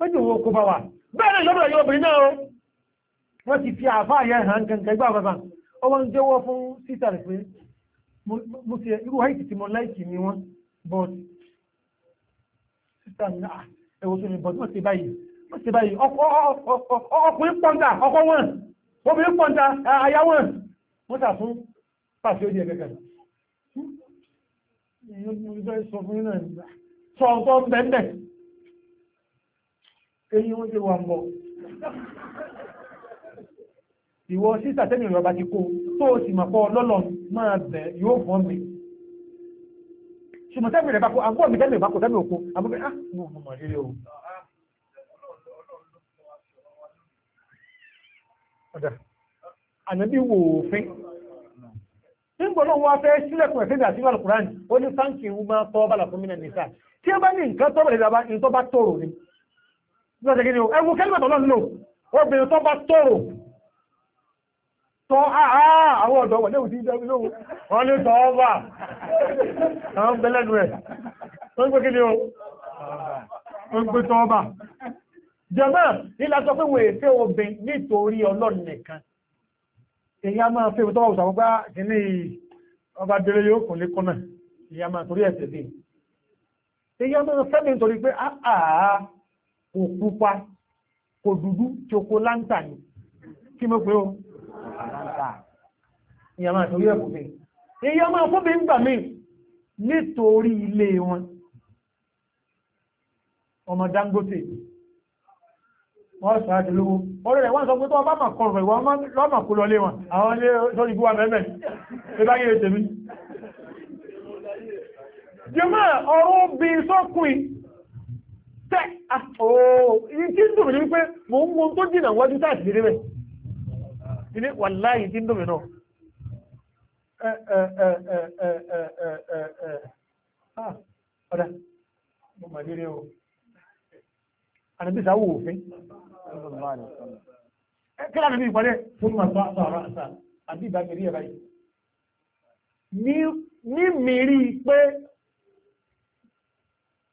mẹ́jọ owó kó bá wà bẹ́ẹ̀ lọ́dọ̀ yóò bìí náà wọ́n ti fi àfá àyẹ́ hàn kankan igbá bàbá ó ń jẹ́wọ́ fún síta rẹ̀ pé mo ti irú láìkì wọ́n mi tó ní ah, ti báyìí wọ́n ti báyìí ọkùnrin wọn obìnrin pọ́ńtà aya wọn wọ́n tà hmm? fún pàṣẹ òdì ẹ̀kẹ́kẹ́ sọ̀tọ̀ èyí wọ́n ṣe wà ń bọ̀ ìwọ sísà tẹ́lẹ̀ ìrọ̀bá ti kó tó o sì mọ̀ pọ̀ lọ́lọ́ máa bẹ̀ yóò fọ́n mi ṣùgbọ́n tẹ́lẹ̀ ìrọ̀bá kó àgbọ̀ mi tẹ́lẹ̀ ìrọ̀bá kó tẹ́lẹ̀ òkó àbúkẹ́ ah mo mọ̀ rírẹ́ o. ọ̀dà wò ó ní sáǹkì ń máa tọ́ bàlà fún mi nà nìsà tí ó bá ní ní tó lọ́sẹ̀ kí ni o ẹwú kẹ́lìmọ̀ tọ́lọ́ nílò obìnrin tó bá tọ́rọ̀ tọ́ ah, ah, àwọn ọ̀dọ́ wọ̀lé òsì ìjọbi lóhun wọ́n ní tọ́ ọba àwọn bẹ̀lẹ́nu rẹ̀ tó ń gbé kí ni o ó ń gbé tọ́ ọba jẹ́mọ́ nílá sọ pé wèé fẹ́ obìn nítorí ọlọ́run nìkan èyí a máa fẹ́ tọ́wọ́ òsàwọ́ gbá kìíní ọba délé yóò kùn lé kọ́nà èyí a máa torí ẹ̀sẹ̀ dé èyí a máa fẹ́ mi nítorí pé àà ah, kò pupa kò dúdú chokolanta ni kí mo pé o ìyàmà àtòrí ẹ̀kùn mi ìyàmà àfọ́bí ń gbà mí nítorí ilé wọn ọmọ Dangote wọ́n sàájú lówó ọ̀rẹ́ rẹ̀ wọ́n sọ pé tó ọba mà kọrọ̀ ìwọ̀n lọ́mà kó lọ lé wọn àwọn ilé sọ́rí búwa mẹ́mẹ́ ìbáyé ètèmí jẹ́mọ́ ọ̀rọ̀ bí sọ́kùn tẹ́ ah, ooo oh, tí ń dùn mí wípé mò ń mú tó jìnà wájú tá àti débẹ̀ ilé wà láyé tí ń dùn mí náà ọ̀dà mo mà nílé o àdàbísà wò òfin kí láti ní ìpàdé fún màtọ́ àtọ̀ àbí ìbámi rí ẹ̀ báyìí ní mìírí pé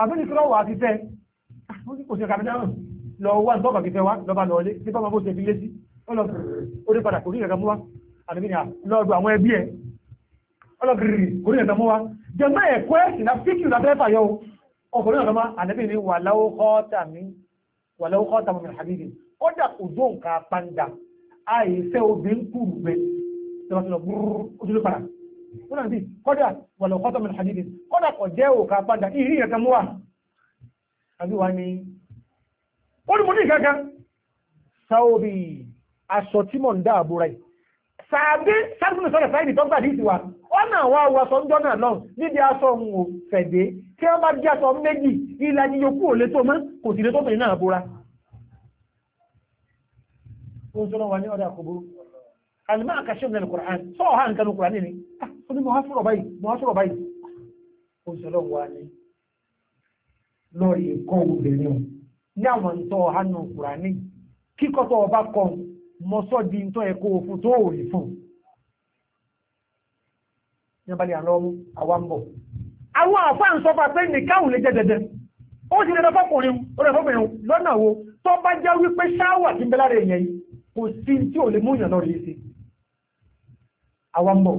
àbẹ́ni tí wọ́n wà ti fẹ́ ah, kò sí kàmínà náà lọ wá ń bọ́bà kìfẹ́ wá lọ́ba lọ́ọ́lé tí bọ́bà bó ṣe fi lé sí ọlọ́ọ̀rẹ́ padà kò rí ẹ̀ka mú wa àbẹ́ni lọ́ọ̀dọ̀ àwọn ẹbí ẹ̀ ọlọ́ọ̀rẹ́ kò rí ẹ̀ka mú wa jẹ́mọ́ ẹ̀kọ́ ẹ̀sìn náà fíkì lábẹ́ fàyọ ọkùnrin ọ̀dọ́mọ́ àdẹ́bí ni wà láwọ́kọ́ta mi wà láwọ́kọ́ta mi hàbíbi kọ́dà òjò nǹkan pàǹdà àìfẹ́ obìnrin wọ́n náà sí kọ́dà wà lọ kọ́tọ̀ mẹ́rin hadith kọ́dà kọ̀ jẹ́ òkà padà ìrí ìyẹ̀kan mú wa àbí wa ni ó ní mo ní ìkankan sáóbì aṣọ tí mò ń dá àbúrà yìí sàbí sábìnrin sọ́dọ̀ sáyidì tó gbà díìtì wa ọ̀nà àwọn awọ aṣọ ńjọ́ náà lọ níbi aṣọ òun ò fẹ̀dé tí wọ́n bá jẹ́ aṣọ méjì ìlàjì yòókù ò lè tó mọ́ kò sì lè tó bìnrin náà bóra. ó ń sọ́nà wa ní ọ̀dà àkóbó àlùmọ́ àkàṣe òun kùrán sọ́ọ̀ hàn kanu kùrán nìyí ó ní mọ́hásọ̀rọ̀ báyìí mọ́hásọ̀rọ̀ báyìí ó sọ̀rọ̀ wà ní lọ́rí nǹkan obìnrin o ní àwọn ntọ́ hánú kùránì kíkọ́tọ̀ ọba kan mọ́sọ́ di ntọ́ ẹ̀kọ́ òfin tó òòrì fún un ní abalẹ̀ àná ọmú àwa ń bọ̀ àwọn àfáà ń sọ fún apẹ́ nìkáhùn lè jẹ́ dẹ́dẹ́ ó sì lọ́dọ̀ fọkùnrin lọ́dọ̀ fọkùnrin lọ́nà wo tó bá jẹ́ wípé ṣáwà ti ń bẹ lára èèyàn kò sí tí ò lè mú ìyàn lọ sí àwa ń bọ̀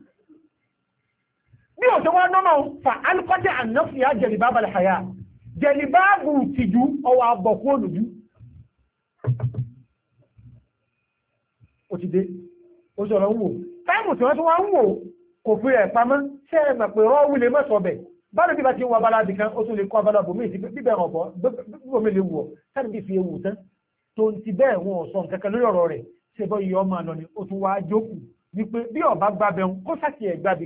bí o ṣe wá nọ́nà fa alikọ́tẹ́ ànáfíà jẹ̀lìbáàbù àlàyà jẹ̀lìbáàbù tìjú ọwọ́ àbọ̀kú olùjú ó ti dé ó sọ̀rọ̀ ń wò táìmù tí wọ́n tún wá ń wò kò fi ẹ̀ pamọ́ ṣe é mà pé rọ́ọ̀wù lè mọ̀ sọ̀bẹ̀ báwo bí ba ti ń wọ abala bì kan ó tún lè kó abala bòmí ìsìn bíbẹ̀ ọ̀bọ̀ bíbòmí lè wù ọ́ sáà níbi fi ewu tán tó ń ti bẹ́ẹ̀ wọn sọ nǹkan kan lórí ọ̀rọ̀ rẹ̀ ṣe bọ́ iye ọmọ àná ni ó tún wá jókòó wípé bí ọba gbabẹ̀ ń kó sàkíyẹ̀ gbabì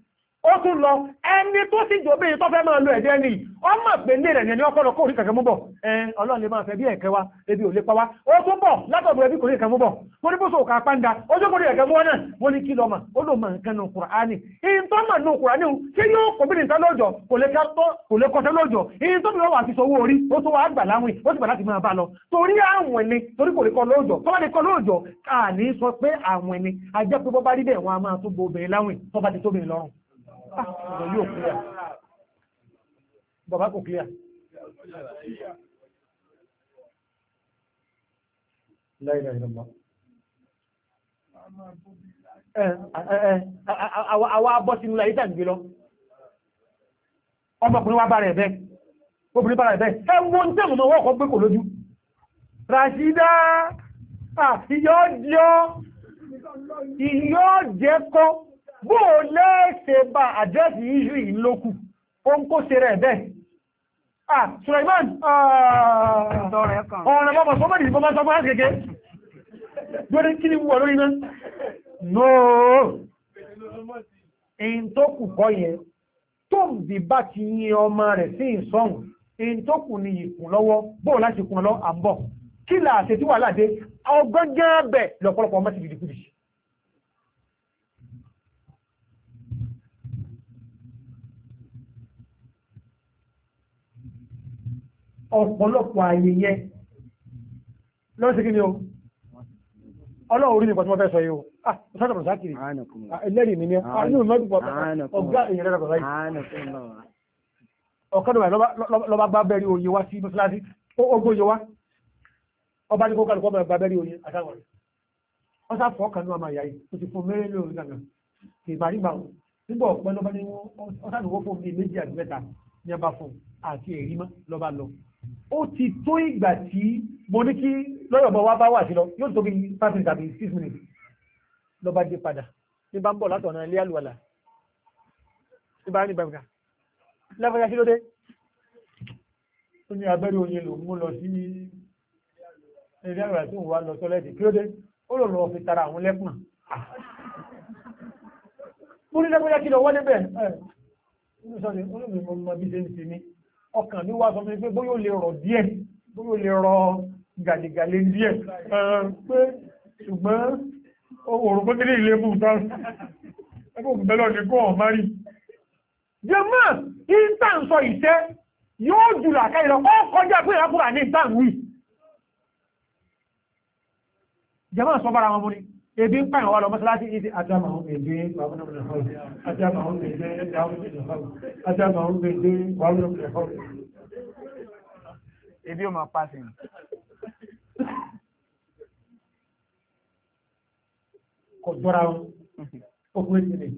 ó tún lọ ẹni tó sì jòbí tó fẹ́ máa lo ẹ̀jẹ̀ ni ó mọ̀ pé ní rẹ̀ ní ọkọ̀ lọ kó orí kankan mú bọ̀ ọlọ́run lè máa fẹ́ bí ẹ̀kẹ́ wa ebi ò lè pa wá ó tún bọ̀ látọ̀dọ̀ ẹbí kò mú bọ̀ mo ní bóso òkà kò o ṣé yóò kò bí nìta kò lè wà ti orí ó tún wà gbà láwìn ó sì láti máa bá lọ torí ni torí kò lè bá lè ní sọ a bọ́ bá rí bẹ́ẹ̀ wọn a máa Ah, ọ̀rọ̀ yóò clear bàbá kò clear láìláì lọ́mọ àwọn abọ́ sínú láyé tàn gbé lọ ọmọkùnrin wá bá rẹ̀ bẹ́ obìnrin bá rẹ̀ bẹ́ ẹwọ́n tẹ́ mọ̀ wọ́kọ̀ gbé kò lójú Rashida ah, ìyọ́ jẹ́ kọ́ bó o lẹ́ẹ̀ṣẹ̀ bá àdírẹ́sì ìṣù yìí lókù ó ń kó ṣe rẹ̀ bẹ́ẹ̀ ah Suleiman ọ̀rọ̀ bọ́bọ̀ sọ́mọ́ ìdìbò máa sọ fún kéke lórí kí ni wọ́n lórí náà no èyí tó kù kọ́ yẹn tó ń bí bá ti yin ọmọ rẹ̀ sí ìsọ́hùn èyí tó kù ní ìkùn lọ́wọ́ bóò láti kùn lọ àbọ̀ kí làásẹ̀ tí wà láde ọgbọ́n gẹ́ẹ̀bẹ̀ lọ́pọ̀lọpọ̀ ọmọ ti dìdìkudì ọ̀pọ̀lọpọ̀ ààyè yẹn lọ́sí kí ni o ọlọ́run orí nìkan tí wọ́n fẹ́ sọ yìí o ah sọ́dọ̀ bọ̀ sákìrì ah, ẹlẹ́rìí mi ni àánú ah, mẹ́bí pọ̀ ọ̀gá èèyàn lẹ́rọ̀ sọ́dọ̀ yìí ọ̀kan náà lọ́ba gbá bẹ́rí oyè wá sí mọ́sálásí ogbó oyè wá ọba ní kó kálukọ́ bẹ̀rẹ̀ gbá bẹ́rí oyè àtàwọn rẹ̀ wọ́n sá fọ́ ọkàn náà máa yà yìí o ti fún mẹ́rẹ́ lórí gàgà ìmàrí gbà wọn nígbà ọ̀pẹ́ lọ́ba ní wọ́n sá ó ti tó ìgbà tí mo ní kí lọ́yọ̀ bọ̀ wá bá wà sí lọ yóò tó bí five minutes àbí six minutes lọ bá dé padà ní bá ń bọ̀ látọ̀nà ilé àlùwàlà ní bá ní bàbá lẹ́fẹ̀ẹ́ sí lóde ó ní abẹ́rẹ́ oyin lò mú lọ sí ilé àlùwàlà tó ń wá lọ sọ́lẹ́dì kí lóde ó lò lọ fi tara àwọn lẹ́kùn mo ní lẹ́fẹ̀ẹ́ kí lọ wọ́n níbẹ̀ ẹ̀ ọkàn mi wá sọ fún mi pé bóyá ó lè rọ̀ díẹ̀ bóyá ó lè rọ̀ gàlégàlé díẹ̀ pé ṣùgbọ́n òòrùn kó tẹ́lẹ̀ ilé bùn tán ẹgbẹ́ òkú bẹ́lọ̀ ní kó ọ̀ má rí. jẹ́mọ́ ìtànsọ ìṣẹ́ yóò jù làkàyè lọ ó kọjá pé ìrákùnrin ní ìtàn wí. sọ bára wọn mú ni ebi ń pàyàn wà lọ mọ́sálásí ìdí àtàmàhún gbèdé àtàmàhún gbèdé àtàmàhún gbèdé wàhùn ebi o ma pàṣẹ kò dọ́ra wọn okùn ètò ni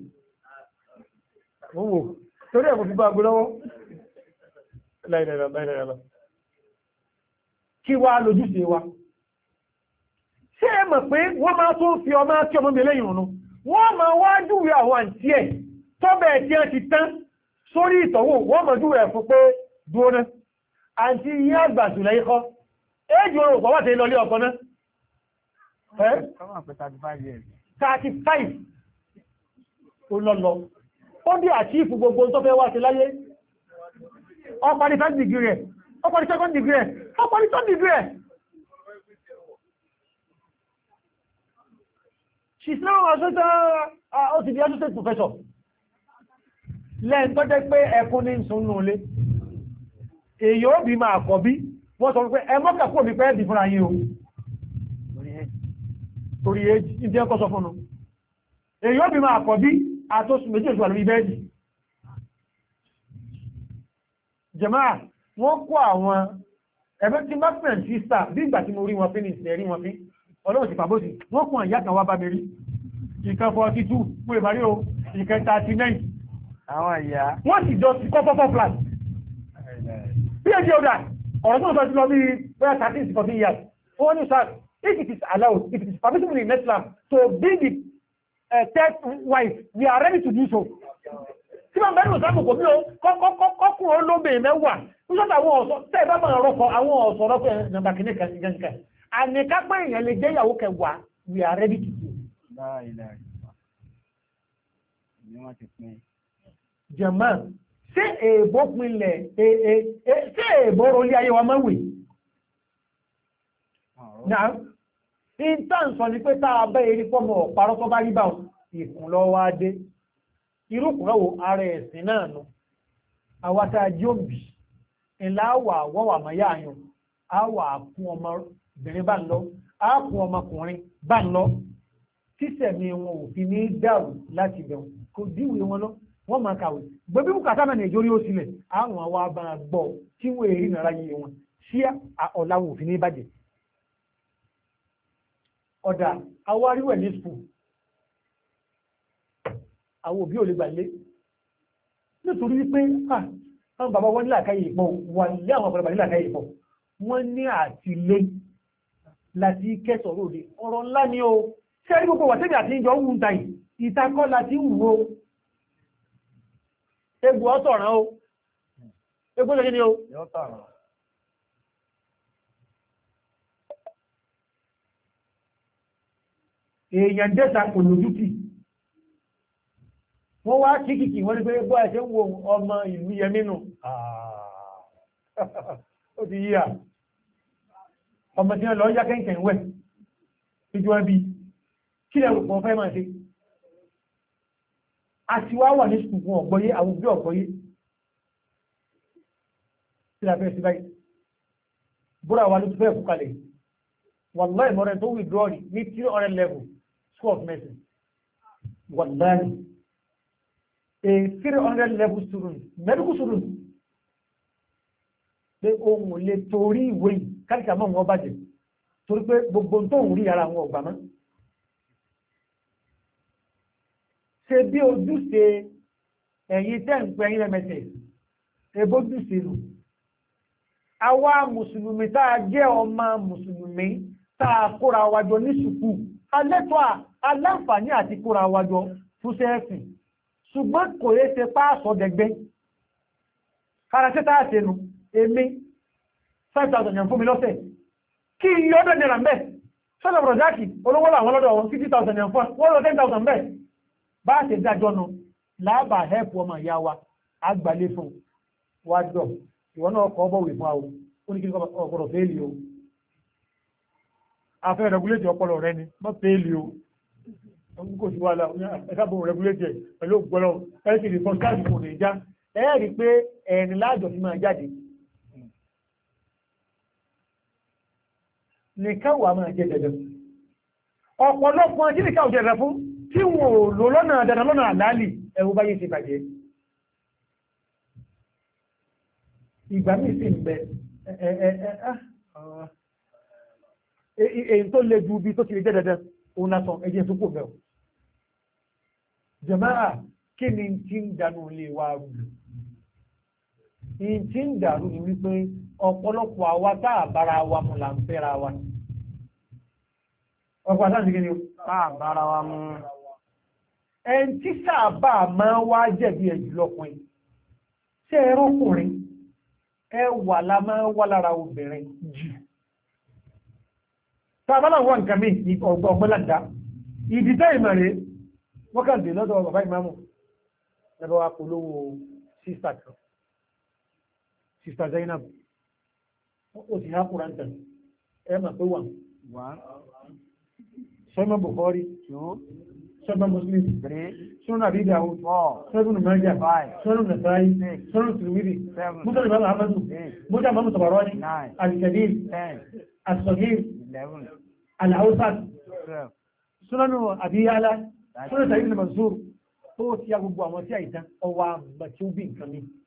wọ́n wò torí ẹ̀kọ́ fi bá agbó lọ́wọ́ láìláìlá kí wá lójúṣe wa tí ẹ mọ̀ pé wọ́n máa tó fi ọmọ tí ọmọ mẹ́lẹ̀ ìrùnnú wọ́n máa wá júwe àwọn àǹtí ẹ̀ tọ́bẹ̀ tí wọ́n ti tán sórí ìtọ̀wò wọ́n máa júwe fún pé dúró náà àǹtí àgbà jùlẹ̀ ikọ́ éjì orò thirty five ó lọ́lọ́ ó dé àchífù gbogbo tó fẹ́ wá sí láyé ó parí first degree rẹ̀ ó parí degree rẹ̀ ó parí degree rẹ̀ she's now a ó ti di associate professor lẹ́yìn tó jẹ́ pé ẹkún ní ìsúnnú ilé èyí ó bí máa kọ̀ bí wọ́n sọ pé ẹ mọ́kà kúrò bí pẹ́ẹ́dì fúnra yín o torí èjì ìdí ẹkọ́ sọ fún un èyí ó bí máa kọ̀ bí àtọ́sù méjì èso àlórí bẹ́ẹ̀dì jẹ̀máà wọ́n kó àwọn ẹgbẹ́ tí mọ́kànlá sísà bí ìgbà tí mo rí wọn fi ní ìsìn ẹ̀rí wọn fi ọlọ́run ti pàbóṣì wọ́n kún àyà kan wá bá mi rí nǹkan 42 mú ìbárí o nǹkan 39 àwọn àyà wọ́n sì jọ sí kọ́kọ́kọ́ plan bí ẹ ṣe ọ̀dà ọ̀rọ̀ tó ń sọ sí lọ bí bẹ́ẹ̀ 13 sí 14 years ó ní sáà if it is allowed if it is permissible in Islam to be the uh, third wife we are ready to do so tí wọ́n bẹ́ẹ̀ ní ọ̀sán kòkò bí o kọ́kùn olóbè mẹ́wàá nígbà táwọn ọ̀sán tẹ́ ẹ bá máa rọ́kọ àwọn ọ̀sán rọ́kọ ẹ̀ eh, nàbàkínì kan àníkápẹ́ èèyàn lè jẹ́ ìyàwó kẹwàá we are ready to go. jẹ̀mọ́ ṣé èèbó pinlẹ̀ e, e, e, ṣé èèbó rolí ayé wa máa wè. náà intanṣọ ni pé tá a bẹ́ erí pọ́mọ ọ̀parọ́ tó bá rí bá ìkùn lọ wá dé irúkùnrọ̀wò ara ẹ̀sìn náà nu àwa tá a jí òbí ńlá wà wọ́wà mọ́ yáàyàn á wà kún ọmọ bẹ̀rẹ̀ bá ń lọ àákùn ọmọkùnrin bá ń lọ sísẹ̀mí wọn ò fi ní dàrú láti bẹ̀rù kò díwèé wọn lọ wọ́n máa kàwé gbẹ̀bí bùkátà náà nìjọ́rí ó sílẹ̀ àwọn àwa bá gbọ́ tí wọ́n èrí nàrá yìí wọn sí ọ̀la wọn ò fi ní bàjẹ́ ọ̀dà àwọn aríwẹ̀ ní skul àwọn òbí ò lè gbàlé nítorí wípé àwọn bàbá wọn nílàkàyè ìpọ̀ wà ní àwọn àpọ̀lọpàá nílàkàyè ìpọ̀ wọ́n ní àtìlẹ́yìn láti kẹsọ̀rọ̀ òde ọ̀rọ̀ ńlá ni o sẹ́rí gbogbo wà tẹ́bí àti ìjọ wù ń tàyì ìtakọ́ láti wù o egbò ọ̀tọ̀ràn o egbò ṣe ni o èèyàn jẹ́ta kò lójútì wọ́n wá kíkìkì wọ́n ní pé bọ́ ẹ̀ṣẹ́ wo ọmọ ìlú yẹmínú ah. ó ti yí à ọmọ tí wọ́n lọ yá kẹ́kẹ́ ìwẹ̀ ìjọ ẹbí kí lẹ rùpọ̀ fẹ́ máa ṣe a ti wá wà ní ṣùgbọ́n ọ̀gbọ́yé àwọn òbí ọ̀gbọ́yé tí la fẹ́ sí báyìí búra wa ló ti fẹ́ fúkalẹ̀ wàláì mọ́rẹ́ tó wí dúrọ́ọ̀rì ní tí ọ̀rẹ́ level school of medicine wàláì a three hundred level student medical student pé ohun ò lè torí ìwé yìí káríkà mọ́ wọn bàjẹ́ torí pé gbogbo tó ń rí ara wọn ọ̀gbà mọ́ ṣe bí ojúṣe ẹ̀yin tẹ́ ń pẹ́ ẹ̀yin rẹ̀mẹ̀tẹ̀ ebójúṣe lò àwa mùsùlùmí tá a jẹ́ ọmọ mùsùlùmí tá a kóra wájọ ní sùkú alẹ́tọ́ aláǹfààní àti kóra wájọ fúnṣẹ́ẹ̀sì ṣùgbọ́n kò yẹ ṣe páàsọ̀ gẹ́gẹ́ kára àtẹnu èmi 5,000 yàn fún mi lọ́sẹ̀ kí iye ọdọ̀ nìyàn mẹ́ sọ́dọ̀ brọ̀dákì olówó làwọn lọ́dọ̀ wọn 50,000 yàn fún wọ́n lọ 10,000 mẹ́ bá ṣe dájọ́ nu láàbà hẹ́pù ọmọ ìyá wa àgbàlẹ̀ fún wa dọ̀ ìwọ náà kọ́ bọ̀wé fún àwọn oníkiri ọ̀pọ̀lọ̀ fẹ́ẹ̀lì o afẹ́ rẹ̀gúlétì ọpọlọ rẹ ni mọ́ fẹ́ẹ̀lì o kò sí wàhálà ah, ẹ̀sàbò rẹ̀gúlétì pẹ̀lú ògbọ́lọ́ ẹ̀sìn ìfọ̀nkáàdì kò ní já ẹ̀ẹ́rì pé ẹ̀ẹ̀ni láàjọ̀ fi máa jáde nìkan wà máa jẹ́ dẹ̀dẹ̀ ọ̀pọ̀lọpọ̀ tí nìkan òjẹ̀ rẹ̀ fún tí wọ́n ò lò lọ́nà dandan lọ́nà àlàálì ẹ̀wù báyé ti bàjẹ́ ìgbà míì sì ń bẹ ah, èyí tó le ju ibi tó ti lè jẹ́ dẹ̀dẹ̀ òun náà sàn ẹ̀jẹ̀ tó kò bẹ̀ jẹ̀máà kí ni ti ń danú lè wá rúgbìn ìjì ń dàrú ni wípé ọ̀pọ̀lọpọ̀ àwa tá a bára wa mu là ń fẹ́ra wa. ọ̀pọ̀ àtàǹtí kí ni o. tá a bára wa mu. ẹn tí sábà máa wá jẹ̀bi ẹ̀ jùlọ ọkùnrin ṣé ẹ rọ́kùnrin ẹ wà la máa wá lára obìnrin jù. tá a bá láwọn nǹkan mi ọgbọ́n lága ìdí tẹ́ ìmọ̀ rẹ̀ wọ́n kàn dé lọ́dọ̀ bàbá ìmáàmù ẹ̀rọ apolówó sísà kan sista Zainab ó ti há kúrántà ẹ mà pé wà sọ́mọ́ Bukhari sọ́mọ́ Muslim sọ́nà àbí ìdáwó sọ́nà mẹ́jà sọ́nà nàtàí sọ́nà tìrìmìrì mọ́tàlì bá mahamadu mọ́tà mahamu tabarọ́ ni alikabir asogir alhausat sọ́nà àbíyálá sọ́nà tàbí mansur ó ti ya gbogbo àwọn tí àìsàn ọwọ́ àmàtí ó bí nǹkan mìíràn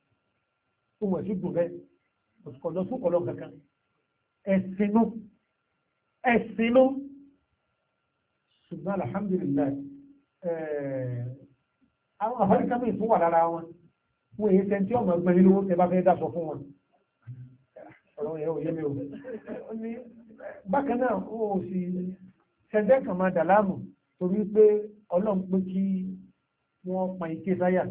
tó mọ̀ sí dùn bẹ́ẹ̀ ọ̀sùkọ̀lọ́ fún ọ̀lọ́ kankan ẹ̀sìnú ẹ̀sìnú ṣùgbọ́n alhamdulillah àwọn afáríkà mi fún wà lára wọn wọ́n èyí tẹ́ tí ọmọ ẹgbẹ́ nínú ẹ bá fẹ́ dáṣọ fún wọn ọ̀rọ̀ yẹn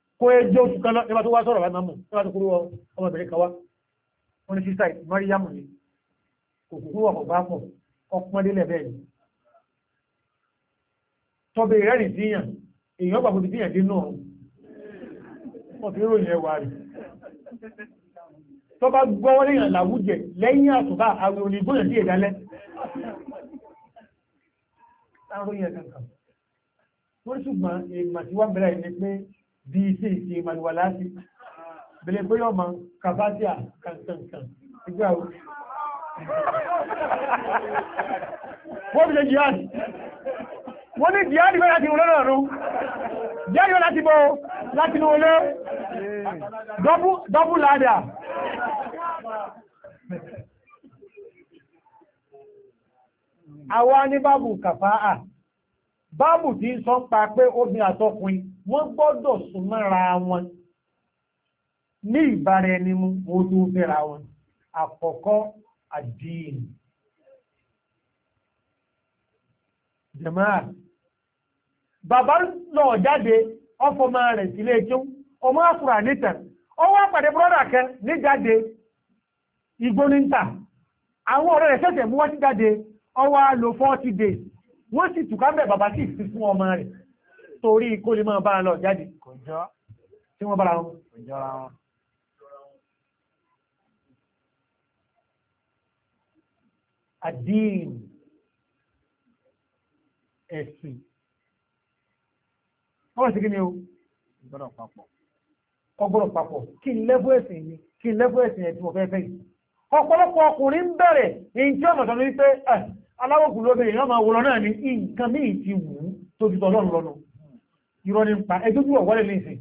kó ẹjọ́ e oṣù kan lọ ẹbá tó wá sọ̀rọ̀ láti mọ̀ ẹbá tó kúrò ọmọbìnrin kan wá wọ́n ní sísá Mariam ni kò kúkú ọkọ̀ bá pọ̀ ọpọ́n délẹ̀ bẹ́ẹ̀ ni tọ́bẹ̀ ìrẹ́rìn díyàn èèyàn gbàgbọ́ ti díyàn dé náà wọ́n fi ròyìn ẹwà rẹ̀ tọ́ bá gbọ́ wọ́n léyàn làwújẹ lẹ́yìn àtùbá àwọn onígbóyàn díẹ̀ dálẹ́ láàrín ṣùgbọ́n èèmà tí wọ́n bẹ̀rẹ̀ ní pé bí iṣẹ́ ìṣe ìmàlúwà láti bẹ̀rẹ̀ pé ọmọ kàbátíà kankankan ìgbà o wọ́n bí lè jihadi wọ́n ní jihadi bẹ́ láti olóòrùn ọ̀run jihadi láti bọ́ láti ní olé dọ́bù ládà àwọn ní bábù kàfáà báàbù tí ń sọ ń pa pé obìnrin àtọkùnrin wọ́n gbọ́dọ̀ súnmọ́ra wọn ní ìbára ẹni mú wọ́n tó fẹ́ra wọn àkọ́kọ́ àdín jẹ̀máà bàbá lọ jáde ọfọmọ rẹ̀ sílé ẹjọ́ ọmọ àkùrà nítàn ọwọ́ àpàdé brọ́dà kẹ ní jáde igbó níta àwọn ọ̀rẹ́ rẹ̀ ṣẹ̀ṣẹ̀ mú wọ́n ti jáde ọwọ́ á lò 40 days wọ́n sì tùká bẹ̀ bàbá sí fi fún ọmọ rẹ̀ torí kó lè máa bá lọ jáde kọjọ́ tí wọ́n bára wọn àdín ẹ̀sìn ọwọ́ sí kí ni o gbọ́dọ̀ papọ̀ ọgbọ́dọ̀ papọ̀ kí n lẹ́bù ẹ̀sìn ni kí n lẹ́bù ẹ̀sìn ẹ̀tùmọ̀fẹ́fẹ́ ọ̀pọ̀lọpọ̀ ọkùnrin bẹ̀rẹ̀ èyí tí ọmọ aláwòkù lóbìnrin náà máa wòrán náà ní nǹkan míì ti wù ú tó ju tọ́lọ́run lọ́nu irọ́ ní pa ẹjọ́ bí ọ̀wọ́lẹ̀ ní ìsìn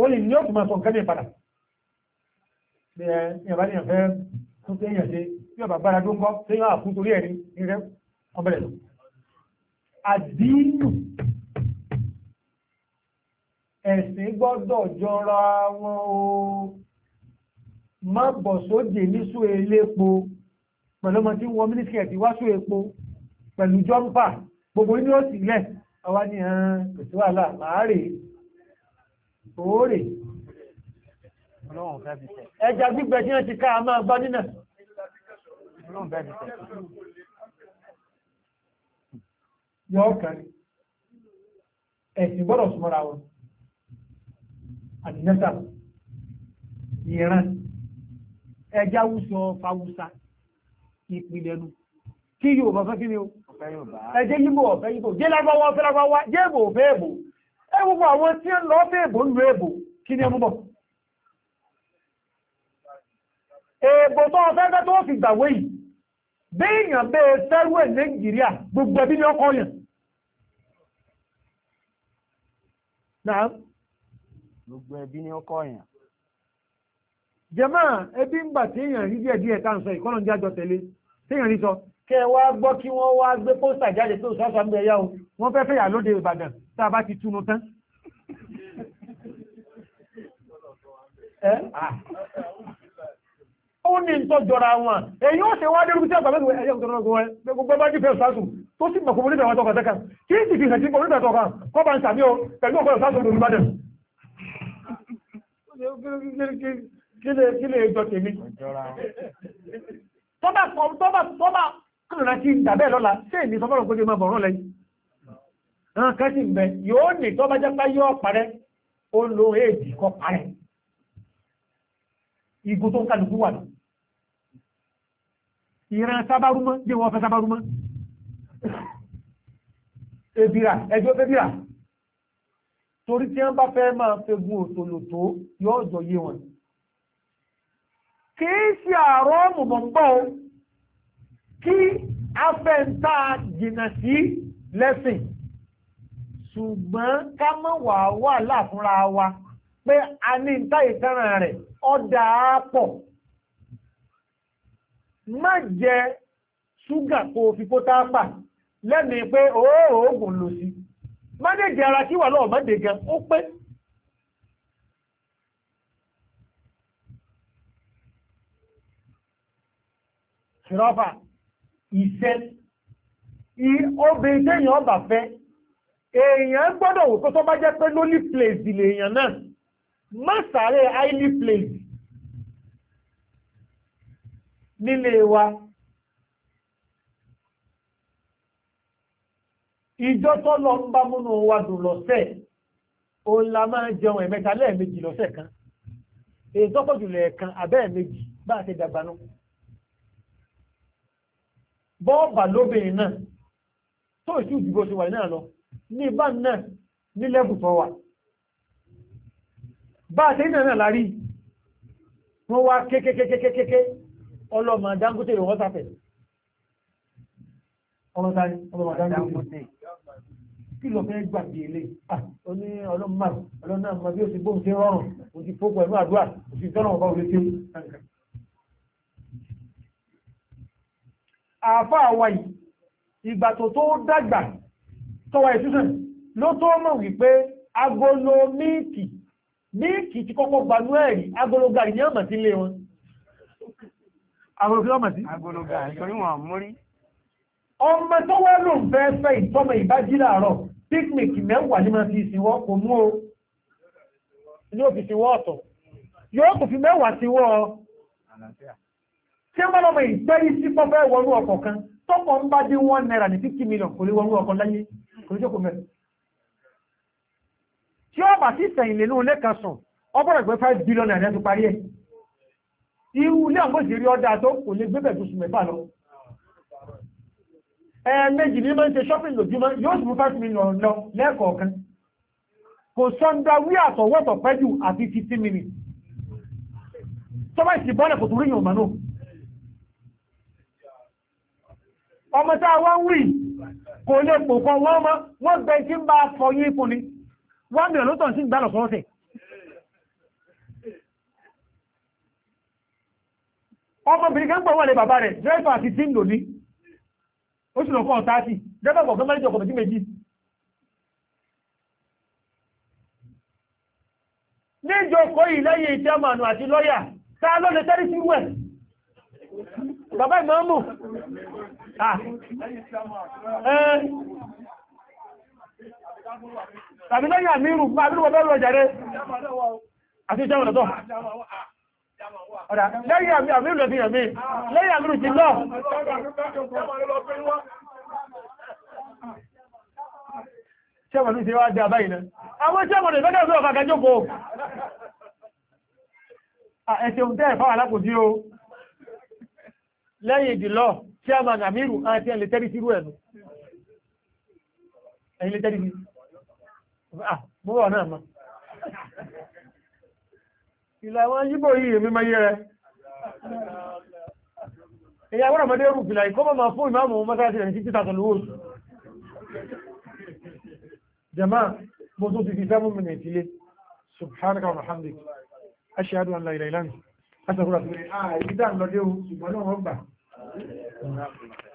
ó lè ní ọ̀tún máa sọ nǹkan ní ìpadà bí ẹ ìyàbá ní ìyàfẹ́ tó fẹ́ yàn ṣe bí ọba gbára tó ń kọ́ tó yàn elépo pẹ̀lọ́mọ tí wọ́n mínísítì ẹ̀dí wá só epo pẹ̀lú jọ́mpà gbogbo inú ó sì lẹ̀ àwa ni ẹ̀hán pèsè wàhálà láàárè òórè ẹja gbígbẹ tí wọ́n ti ká a máa gbá nínà yọ ọkàn ẹ̀sìn gbọ́dọ̀ súnmọ́ra wọn àdínẹ́sà ìran ẹja wùsọ fáwùsá ìpìlẹ̀ nu kí yóò bá fẹ́ kí ni o ẹjẹ́ yíbò ọ̀fẹ́ yíbò jẹ́ lágbàwọ́ ọ̀fẹ́ lágbàwá jẹ́ èbò ọ̀fẹ́ èbò ẹ gbogbo àwọn tí ń lọ fẹ́ èbò nù èbò kí ni ẹmúbọ̀ èbò tó ọ̀fẹ́ fẹ́ tó fi gbàwé yìí bí èèyàn bẹ́ẹ̀ sẹ́rú ẹ̀ Nàìjíríà gbogbo ẹbí ni ọkọ yàn náà gbogbo ẹbí ni ọkọ yàn jẹ́mọ́ ẹbí ń gbà tí èèyàn rí díẹ̀díẹ̀ tá à ń sọ ìkọ́nà ń jájọ tẹ̀lé téèyàn rí sọ kẹ wá gbọ́ kí wọ́n wá gbé pósítà jáde pé òṣàṣà ń bẹ yá o wọ́n fẹ́ fẹ́yà lóde Ìbàdàn tá a bá ti túnú tán ó ní ń tọ́jọra wọn èyí ó ṣe wá dé rúkútí àgbà mẹ́rin ẹ̀yẹ́ òtọ́rọ̀ gbogbo ẹ̀ gbogbo bá nífẹ̀ẹ́ ṣáṣù tó sì mọ̀ kò mọ̀ nífẹ̀ẹ́ wọn tọkọ̀ tẹ́kà kí n sì fi hàn sí mọ̀ nífẹ̀ẹ́ tọkà kọ́ bá ń sàmí o pẹ̀lú ọ̀pọ̀ ṣáṣù lórí Ìbàdàn. kí lè jọ tèmi tọ́bà tọ́bà kìrìnà tí ìdàbẹ́ lọ́la tí èmi sọmọ́rọ̀ pé ma bọ̀rán lẹ́yìn ọ̀n kan sì mẹ́ yóò ní tọ́bà jápá yóò parẹ́ ó lo èdè kọ parẹ́ igun tó ń kàlùkù wà lọ ìran sábárúmọ́ jẹ́ wọ́n fẹ́ sábárúmọ́ ebira ẹjọ́ ebira torí tí wọ́n bá fẹ́ máa fegun òtòlòtò yóò jọ yé wọn kìí ṣe àrọ́ mọ̀mọ̀gbọ́ kí afẹ́ntà jìnà sí lẹ́sìn ṣùgbọ́n ká mọ̀ wà wà láàfúnra wa pé a ní ìta ìtẹ́ràn rẹ̀ ọ̀dà pọ̀ má jẹ ṣúgà kó fi kó tápà lẹ́mìí pé òógùn lò sí má dèjì ara kí wà lọ́ọ̀ má dèjì ó pé ṣìrọ́fà ìṣẹ́ obìnrin tẹ́yìn ọba fẹ́ èèyàn gbọ́dọ̀ wò tó tó bá jẹ́ pé lólì place lè èèyàn náà má sáré highly place nílé wa ìjọ tó lọ ń bá múnú wa dùn lọ́sẹ̀ òun la máa jẹun ẹ̀mẹ́ta lẹ́ẹ̀mejì lọ́sẹ̀ kan èyí tọ́pọ̀ jùlọ ẹ̀ẹ̀kan abẹ́ẹ̀mejì bá a ṣe dàgbà náà bọ́ọ̀bà lóbìnrin náà tó ìsú ìdìbò ṣe wà náà lọ ní bá náà ní lẹ́bù tó wà bá àti ìnà náà lárí wọ́n wá kékékékékékéké ọlọ́mà Dangote rẹ̀ wọ́n sáfẹ̀ ọlọ́mà Dangote kí lọ fẹ́ gbàgbé ilé oní ọlọ́mà ọlọ́mà bí ó ti bóun ṣe rọrùn ó ti fó pẹ̀lú àdúrà òsì tọ́nà ọba òlétí àfá àwa yìí ìgbà tó tó dàgbà tọwà ìsúsàn ló tó mọ̀ wípé agolo míìkì míìkì ti kọ́kọ́ gbanú ẹ̀rí agolo gàrí ní ọmọ sí ilé wọn agolo kí ọmọ sí agolo gàrí torí wọn mórí ọmọ tó wá lò ń fẹ́ fẹ́ ìtọ́mọ ìbájí tí wọ́n lọ́mọ ìgbẹ́rí sí pọ́fẹ́ wọnú ọkọ̀ kan tọ́kọ̀ ń bá dé wọ́n náírà ní 50 million kò lè wọnú ọkọ̀ láyé kò lè jókòó mẹ́rin tí ó bà sí sẹ̀yìn lè lóun lẹ́kan sùn ọgbọ́dọ̀ gbé 5 billion naira tó parí ẹ̀ irú ilé àwọn òṣèré ọdá tó kò lè gbé bẹ̀tù sùn mẹ́fà lọ ẹ̀ẹ̀mejì ní máa ń ṣe shopping lójúmọ́ yóò sùn 5 million lọ lẹ́ẹ̀kọ̀ọ̀kan kò sọ́ndà wí àtọ̀wọ́tọ̀ pẹ́jù àti 50 minutes tọ́bẹ̀ sì bọ́lẹ̀ kò tún rí yòmọ̀ náà ọmọ tá a wá ń wí kò lè pò kan wọ́n mọ́ wọ́n gbẹ tí ń bá fọ yí ipò ni wọ́n mìíràn ló tàn sí ìgbà lọ́sọ̀ọ̀sẹ̀ ọmọbìnrin kan pọ̀ wọ́n lè bàbá rẹ̀ dírẹ́fà àti tí ń lò ní oṣù lọ́kọ̀ ọ̀táàtì dírẹ́fà kọ̀ọ̀kan mẹ́rin jọkọ̀ méjì méjì ní ìjọkọ̀ yìí lẹ́yìn ìṣẹ́ sí bàbá ìmọ̀ọ́mù tàbí lẹ́yìn àmírù máa bí wọ́n bẹ́rù ọjàrẹ́ àti ìjẹun lọ́tọ́ lẹ́yìn àmírù lọ sí ẹ̀mí lẹ́yìn àmírù ti lọ ṣẹ́wọ̀n ní ṣe wá dá báyìí náà àwọn ṣẹ́wọ̀n ní fẹ́kẹ́ lẹ́yìn ìdìlọ́ ah, tí a máa nàmírù àti ẹ̀lẹ́ tẹ́rí sírú ẹ̀nu ẹ̀yìn lè tẹ́rí sí àmúwọ̀ ah, náà ma ìlà àwọn yíbò yìí èmi máa yẹ rẹ èyí àwọn ọmọdé rù fìlà ìkọ́mọ̀ máa fún ìmáàmù mọ́sáàtì rẹ̀ sí títà tọ̀lú oṣù jama mo tún ti fi 7 minutes ilé subhanaka wa hamdik ashhadu an la ilaha illa Aṣàkúrà sí ah, ilé, àà ìdá ń lọ dé